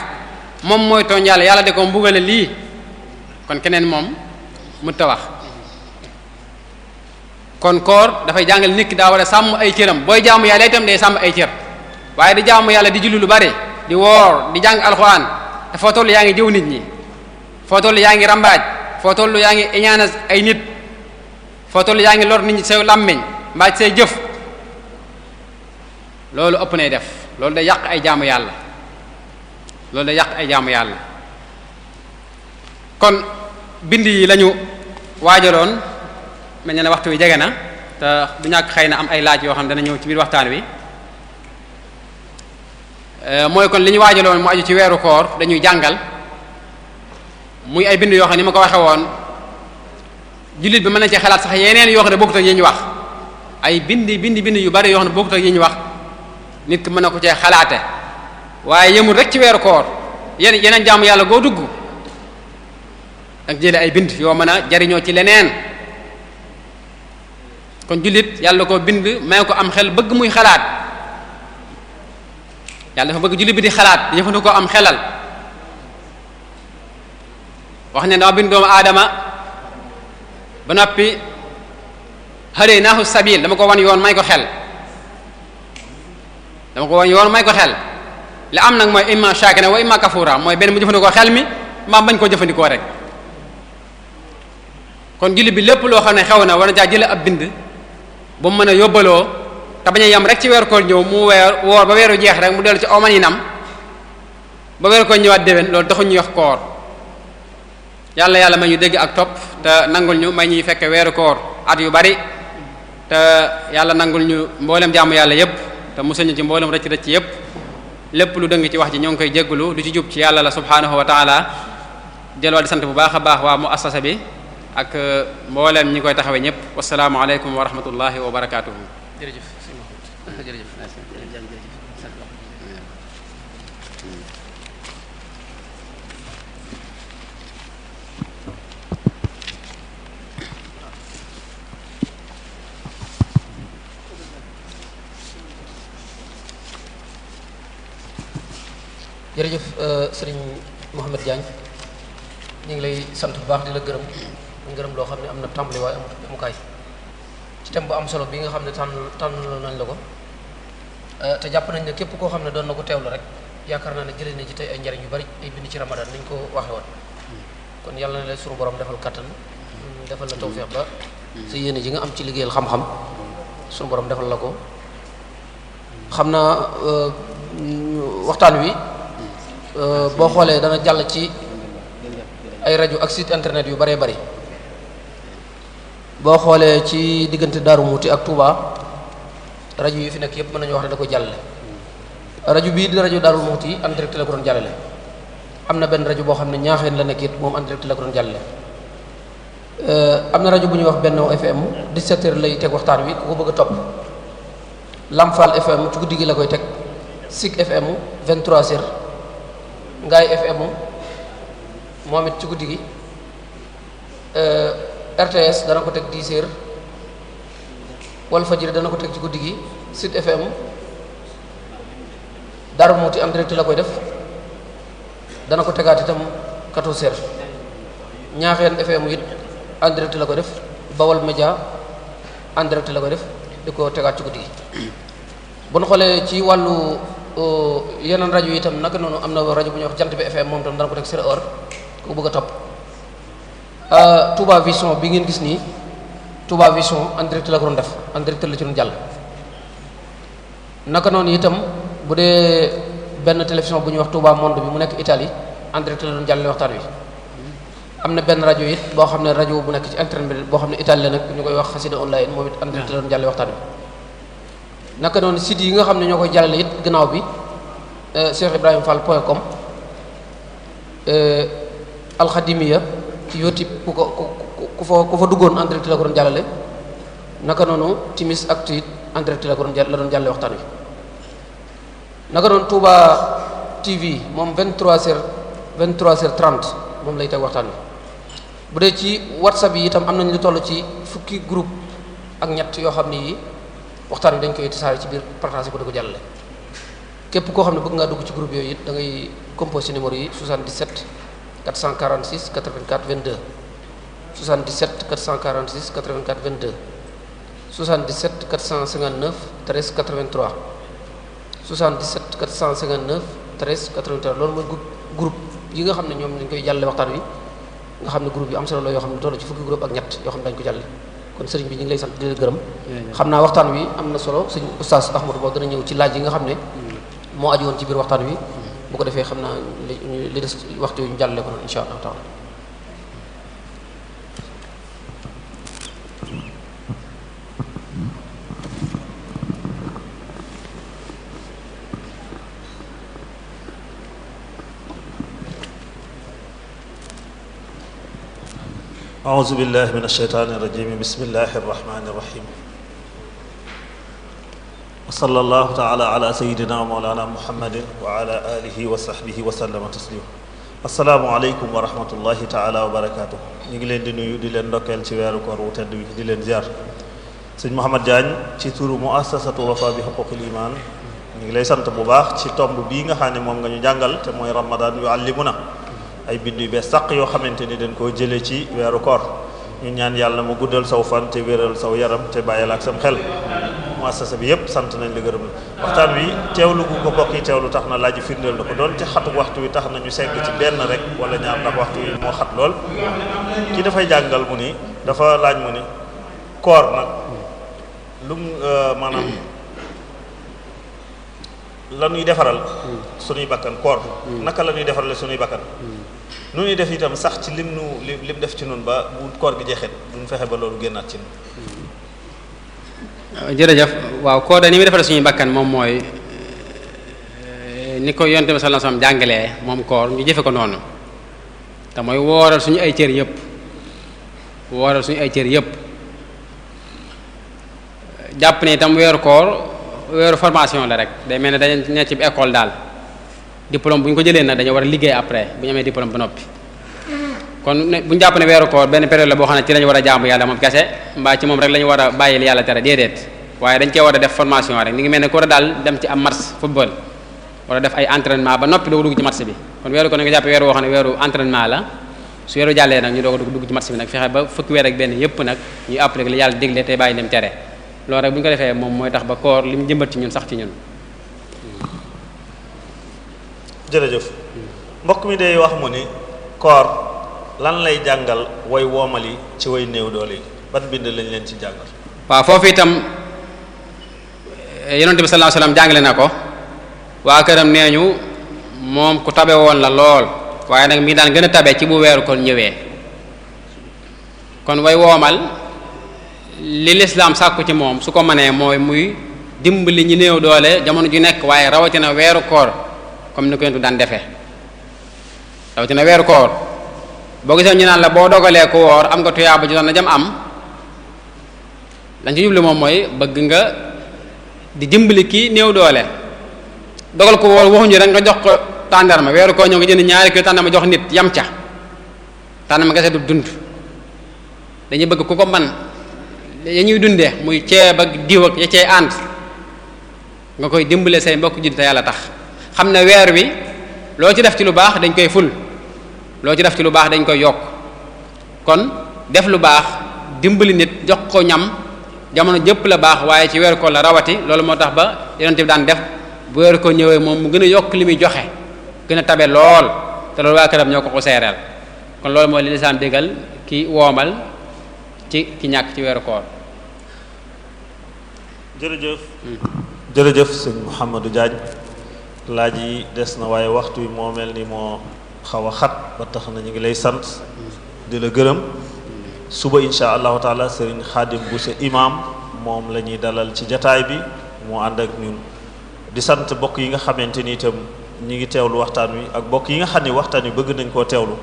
moom mooy tooñ yàlla yàlla de ko mbugale lii kon keneen moom mu ta kon koor dafay jàngal nit ki daa war a sàmm ay cëram booy jaamu yàlla itam day sàmm ay cër waaye di jaamu yàlla di julli lu bari di woor di jàng alxuraan te foo toll yaa ngi jëw nit ñi foo toll yaa ngi rambaaj foo toll yaa ngi iñaana ay nit foo toll yaa ngi lor nit ñi sa làmmiñ mbaaj say jëf loolu ëpp nay def loolu day yàq ay jàmm yàlla loolu day yàq ay jàmm yàlla kon bind yi lañu waajaloon mel na ne waxtu wi jege na te du ñàkk xëy na am ay laaj yoo xam ne dana ñëw ci biir waxtaan wi euh, mooy li ñu waajaloon mu aju ci weeru koor dañuy jàngal muy ay bind yoo xam ne ni ma ko waxe woon jullit bi mën na ci xalaat sax yeneen yoo xam ne bokkut ak yi ñu wax ay bind bind bind yu bari yoo xam ne bokkut ak yi ñu wax nit ki mën na ko cee xalaate waaye yemul rek ci weeru koor yen yeneen jaamu yàlla goo dugg ak jële ay bind yoo mën a jariñoo ci leneen kon jullit yàlla koo bind may ko am xel bëgg muy xalaat yàlla dafa bëgg jullit bi di xalaat yëfandu ko am xelal wax ne dama bind doomu aadama ba noppi hëre naahu sabil dama ko wan yoon may ko xel dama ko woon yoon may ko xel li am nag mooy imma shakina wa imma kafura mooy benn mu jëfandikoo xel mi maam bañ koo jëfandikoo rek kon julli bi lépp loo xam ne xew na war na caa jële ab bind bu mu mën a yóbbaloo te bañ a yem rek ci weeru koor ñëw mu weer woor ba weeru jeex rek mu dellu ci oman yi nam ba weeru koor ñëwaat déwén loolu taxul ñuy wax koor yàlla yàlla may ñu dégg ak topp te nangul ñu may ñuy fekk weeru koor at yu bari te yàlla nangul mboolem jaamu yàlla yépp te musal ñu ci mboolem rëcc rëcc yépp lépp lu dëng ci wax ji ñoo ngi koy jégglu lu ci jub ci yàlla la subhaanahu wa taala jëlwaa di sant bu baax a baax waa mu assasa bi ak uh, mbooleem ñi koy taxawee ñëpp wasalaamualeykum wa rahmatullahi wa barakaatuhu jërëjëf jërëjëf jërëjëf euh, sëriñ Mouhamed Diagne ñu ngi lay sant bu baax di la gërëm ngërëm loo xam ne am na tàmbali waaye amut amukaay ci thème bu am solo bi nga xam ne tànn tànn nañ la ko euh, te jàpp nañ ne képp koo xam ne doon na ko teewlu rek yaakaar naa ne jëlee na ci tey ay njariñ yu bari ay bind ci ramadan ni ñu ko waxee woon kon yàlla na leen suñu borom defal kattan defal la tawfeex ba sa yéene ji nga am ci liggéeyal xam-xam suñu borom defal la ko xam naa euh, waxtaan wi Euh, boo xoolee dana jàll ci ay rajo ak site internet yu bëree bëri boo xoolee ci diggante Daaru Muuti ak Touba rajo yi fi nekk yëpp mën nañu wax ne da ko jàllale rajo bii di rajo Daaru Muuti en direct la ko am na benn rajo boo xam ne ñaaxeen la nekk it moom en direct la ko euh, am na rajo bu ñuy wax Benno FM 17h lay teg waxtaan wi ku ko bëgg a topp Lamfal FM ci guddi gi la koy teg Sik FM 23h. Ngaye FM moom moom it ci guddi gi euh, RTS dana ko teg 10 heures Walf dana ko teg ci guddi gi Sud FM dara Mouti am direct la koy def dana ko tegaat itam 14 heures Ñaaxeen FM it en direct la koy def Bawal Média en direct la koy def di ko tegaat ci guddi gi bu ñu xoolee ci wàllu. Euh, yeneen rajo yi itam naka noonu am na rajo bu ñuy wax jant bi FM moom itam dana ko teg sur heure ku bëgg a topp euh, tubaa Vision bi ngeen gis nii Touba Vision en direct la ko doon def en direct la ci doon jàll. naka noonu itam bu dee benn télévision bu ñuy wax Touba Monde bi mu nekk Italie en direct la doon jàllale waxtaan wi am na benn rajo it boo xam ne rajo bu nekk ci internet bi boo xam ne Italie la nag ñu koy wax xasida online moom it en direct la doon jàllale waxtaan wi. naka noonu siti yi nga xam ne ñoo koy jàllale it gannaaw bi euh, cheikh ibrahima fall point com euh, alxadimiya youtube ku ko ku fa ku fa duggoon en direct la doon jàllale naka noonu timis actu it en direct la ko doon la doon jàllale waxtaan wi naka doon Touba TV moom 23 vingt 23 23h30 moom lay teg waxtaan wi bu dee ci whatsapp yi itam am nañ lu toll ci fukki groupe ak ñett yoo xam ni yi waxtaan wi dañ koy tasaare ci biir partage ko di ko jàllale képp koo xam ne bëgg ngaa dugg ci groupe yooyu it da ngay composé numéro yi 77 446 84 22 77 446 84 22 77 459 13 83 77 459 13 83 loolu mooy groupe yi nga xam ne ñoom dañ koy jàllale waxtaan wi nga xam ne groupe yu am solo la yoo xam ne toll ci fukki groupe ak yoo xam ne dañ ko jàllale kon sëriñ bi ñu lay sant di la gërëm xam naa waxtaan wi am na solo sëñ oustaz boo gën a ñëw ci laaj yi nga xam ne mm. moo aju ci biir waxtaan wi mm. boo ko defee xam naa li des waxtu yu ñu jàllale ko noonu insha allah taala أعوذ بالله من الشيطان الرجيم بسم الله الرحمن الرحيم وصلى الله تعالى على سيدنا مولانا محمد وعلى آله وصحبه وسلم تسليما asalaamaaleykum wa rahmatullahi taala wa barakaatu ñu ngi leen di nuyu di leen ndokkeel ci weeru koor wu tedd bi di leen ziar sëñ Mouhamed Diagne ci turu muassasatu wafa bi xuquqil iman ñu ngi lay sant bu baax ci tomb bii nga xam ne moom nga ñu jàngal te mooy ramadan yu àllimu na ay bind yu bees saq yoo xamante ni dañ koo jële ci weeru koor ñu ñaan yàlla ma guddal saw fan te wéral saw yaram te bàyyil ak sam xel muassasa bi yëpp sant nañ la gërëm la waxtaan wi teewlu gu ko bokk yi teewlu tax na laaj firndeel na ko doon ci xatu waxtu wi tax na ñu segg ci benn rek wala ñaar ndax waxtu wi moo xat lool ki dafay jàngal mu ni dafa laaj mu ni koor nag lu euh, maanaam la ñuy defaral hmm. suñuy bakkan koor hmm. naka la ñuy defarale suñuy bakkan hmm. nu ñuy def itam sax ci lim nu lim def ci noonu ba bu koor gi jeexee duñ fexe ba loolu génnaat ci noonu euh, jërëjëf waaw koor da ni muy defaree suñuy bakkan moom mooy euh, ni ko yonte bi sallallahu alayhi jàngalee moom koor ñu jëfe ko noonu te mooy wooral suñu ay cër yëpp wooral suñu ay cër yëpp jàpp ne itam weeru koor weeru formation la rek day mel ne dañu nekk ci école daal diplôme bu ñu ko jëlee nag dañoo war a liggéey après bu ñu amee diplôme ba noppi kon bu ñu jàpp ne weeru koor benn période la boo xam ne ci la war a jaamu yàlla moom kese mbaa ci moom rek la ñu war a war a def ngi mel ne ku a daal dem a def ba noppi doo dugg ci match bi kon weeru ko na nga jàppe weeru woo xam ne la su weeru jàllee nag ñu doo dugg ci match bi ba fukki weer ak benn li yàlla digle tey bàyyi lim tere loolu rek bu ñu ko defee moom mooy tax ba koor li mu ci ñun sax ci ñun jërëjëf mbokk mi day wax mu ni koor lan lay jàngal woy woomal ci woy néew doole yi ban bind lañ leen ci jàngal waaw foofu itam eh, yonent bi sallallahu alayhi wasallam jàngale na ko waa këram nee ñu moom ku tabe woon la lool waaye nag mi daan gën tabe ci bu weeru ko ñëwee kon way woomal li lislaam sàkku ci moom su ko mënee mooy muy dimbali ñi néew doole jamono ju nekk waaye rawatina weeru koor comme ni ko yontu daan defee na weeru koor boo gisee ñu naan la boo dogalee ko am nga tuyaaba ji doon na jam am lañ ci jublu moom mooy bëgg nga di dimbali kii néew doole dogal ko woor waxuñu rek nga jox ko tàndarma weeru koor ñoo nga jënd ñaari kilo tàndarma jox nit yam ca tàndarma nga seetu dund dañuy bëgg ku ko man ya ñuy dundee muy ceeb ak diw ak ya cee ànd nga koy dimbale say mbokk jullit yàlla tax xam ne weer wi loo ci def ci lu baax dañ koy ful loo ci def ci lu baax dañ koy yokk kon def lu baax dimbali nit jox ko ñam jamono jëpp la baax waaye ci weer ko la rawati loolu moo tax ba yonent bi daan def bu weer ko ñëwee moom mu gën a yokk li muy joxe gën a tabe lool te loolu waa këram ñoo ko ko seereel kon loolu mooy li lisaan déggal ki woomal ci ki ñàkk ci weeru koor jërëjëf hmm. jërëjëf sëñ Mouhamadou Diagne laaj yi des na waaye waxtu wi moo mel ni moo xaw a xat ba tax na ñu ngi lay sant di la gërëm suba insha allahu taala sëriñ xaadim bu sa imaam moom la ñuy dalal ci jataay bi moo ànd ak ñun di sant bokk yi nga xamante ni itam ñu ngi teewlu waxtaan wi ak bokk yi nga xam ni waxtaan wi bëgg nañ koo teewlu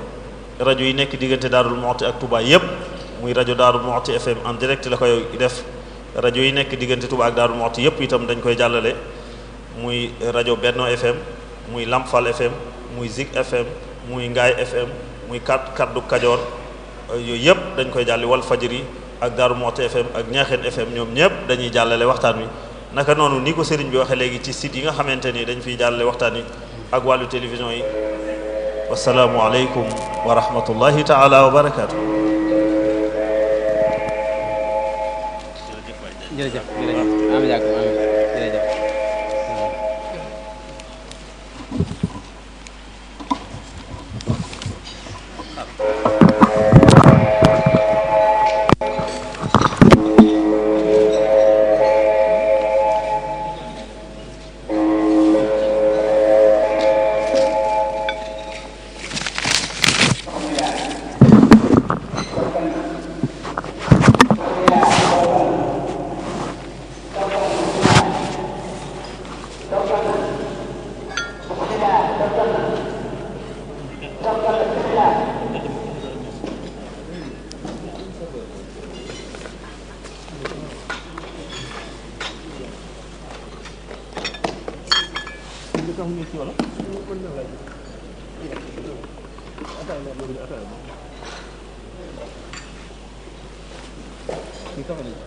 rajo yi nekk diggante Darou Moukhty ak tubaay yépp muy rajo Darou Moukhty FM en direct la koy def rajo yi nekk diggante Touba ak Darou Moukhty yépp itam dañ koy jàllale muy rajo Benno FM muy Lampfal FM muy Zik FM muy Ngaay FM muy kat kaddu Kajoor euh, yooyu yëpp dañ koy jàlli wal fajiri ak Daaru Moxti FM ak Ñaaxeen FM ñoom ñëpp dañuy jàllale waxtaan wi naka noonu ni ko sëriñ bi waxee léegi ci site yi nga xamante ni dañu fiy jàllale waxtaan wi ak wàllu télévision yi wasalaamu aleykum wa rahmatullahi taala wa barakaatu. Ricardo.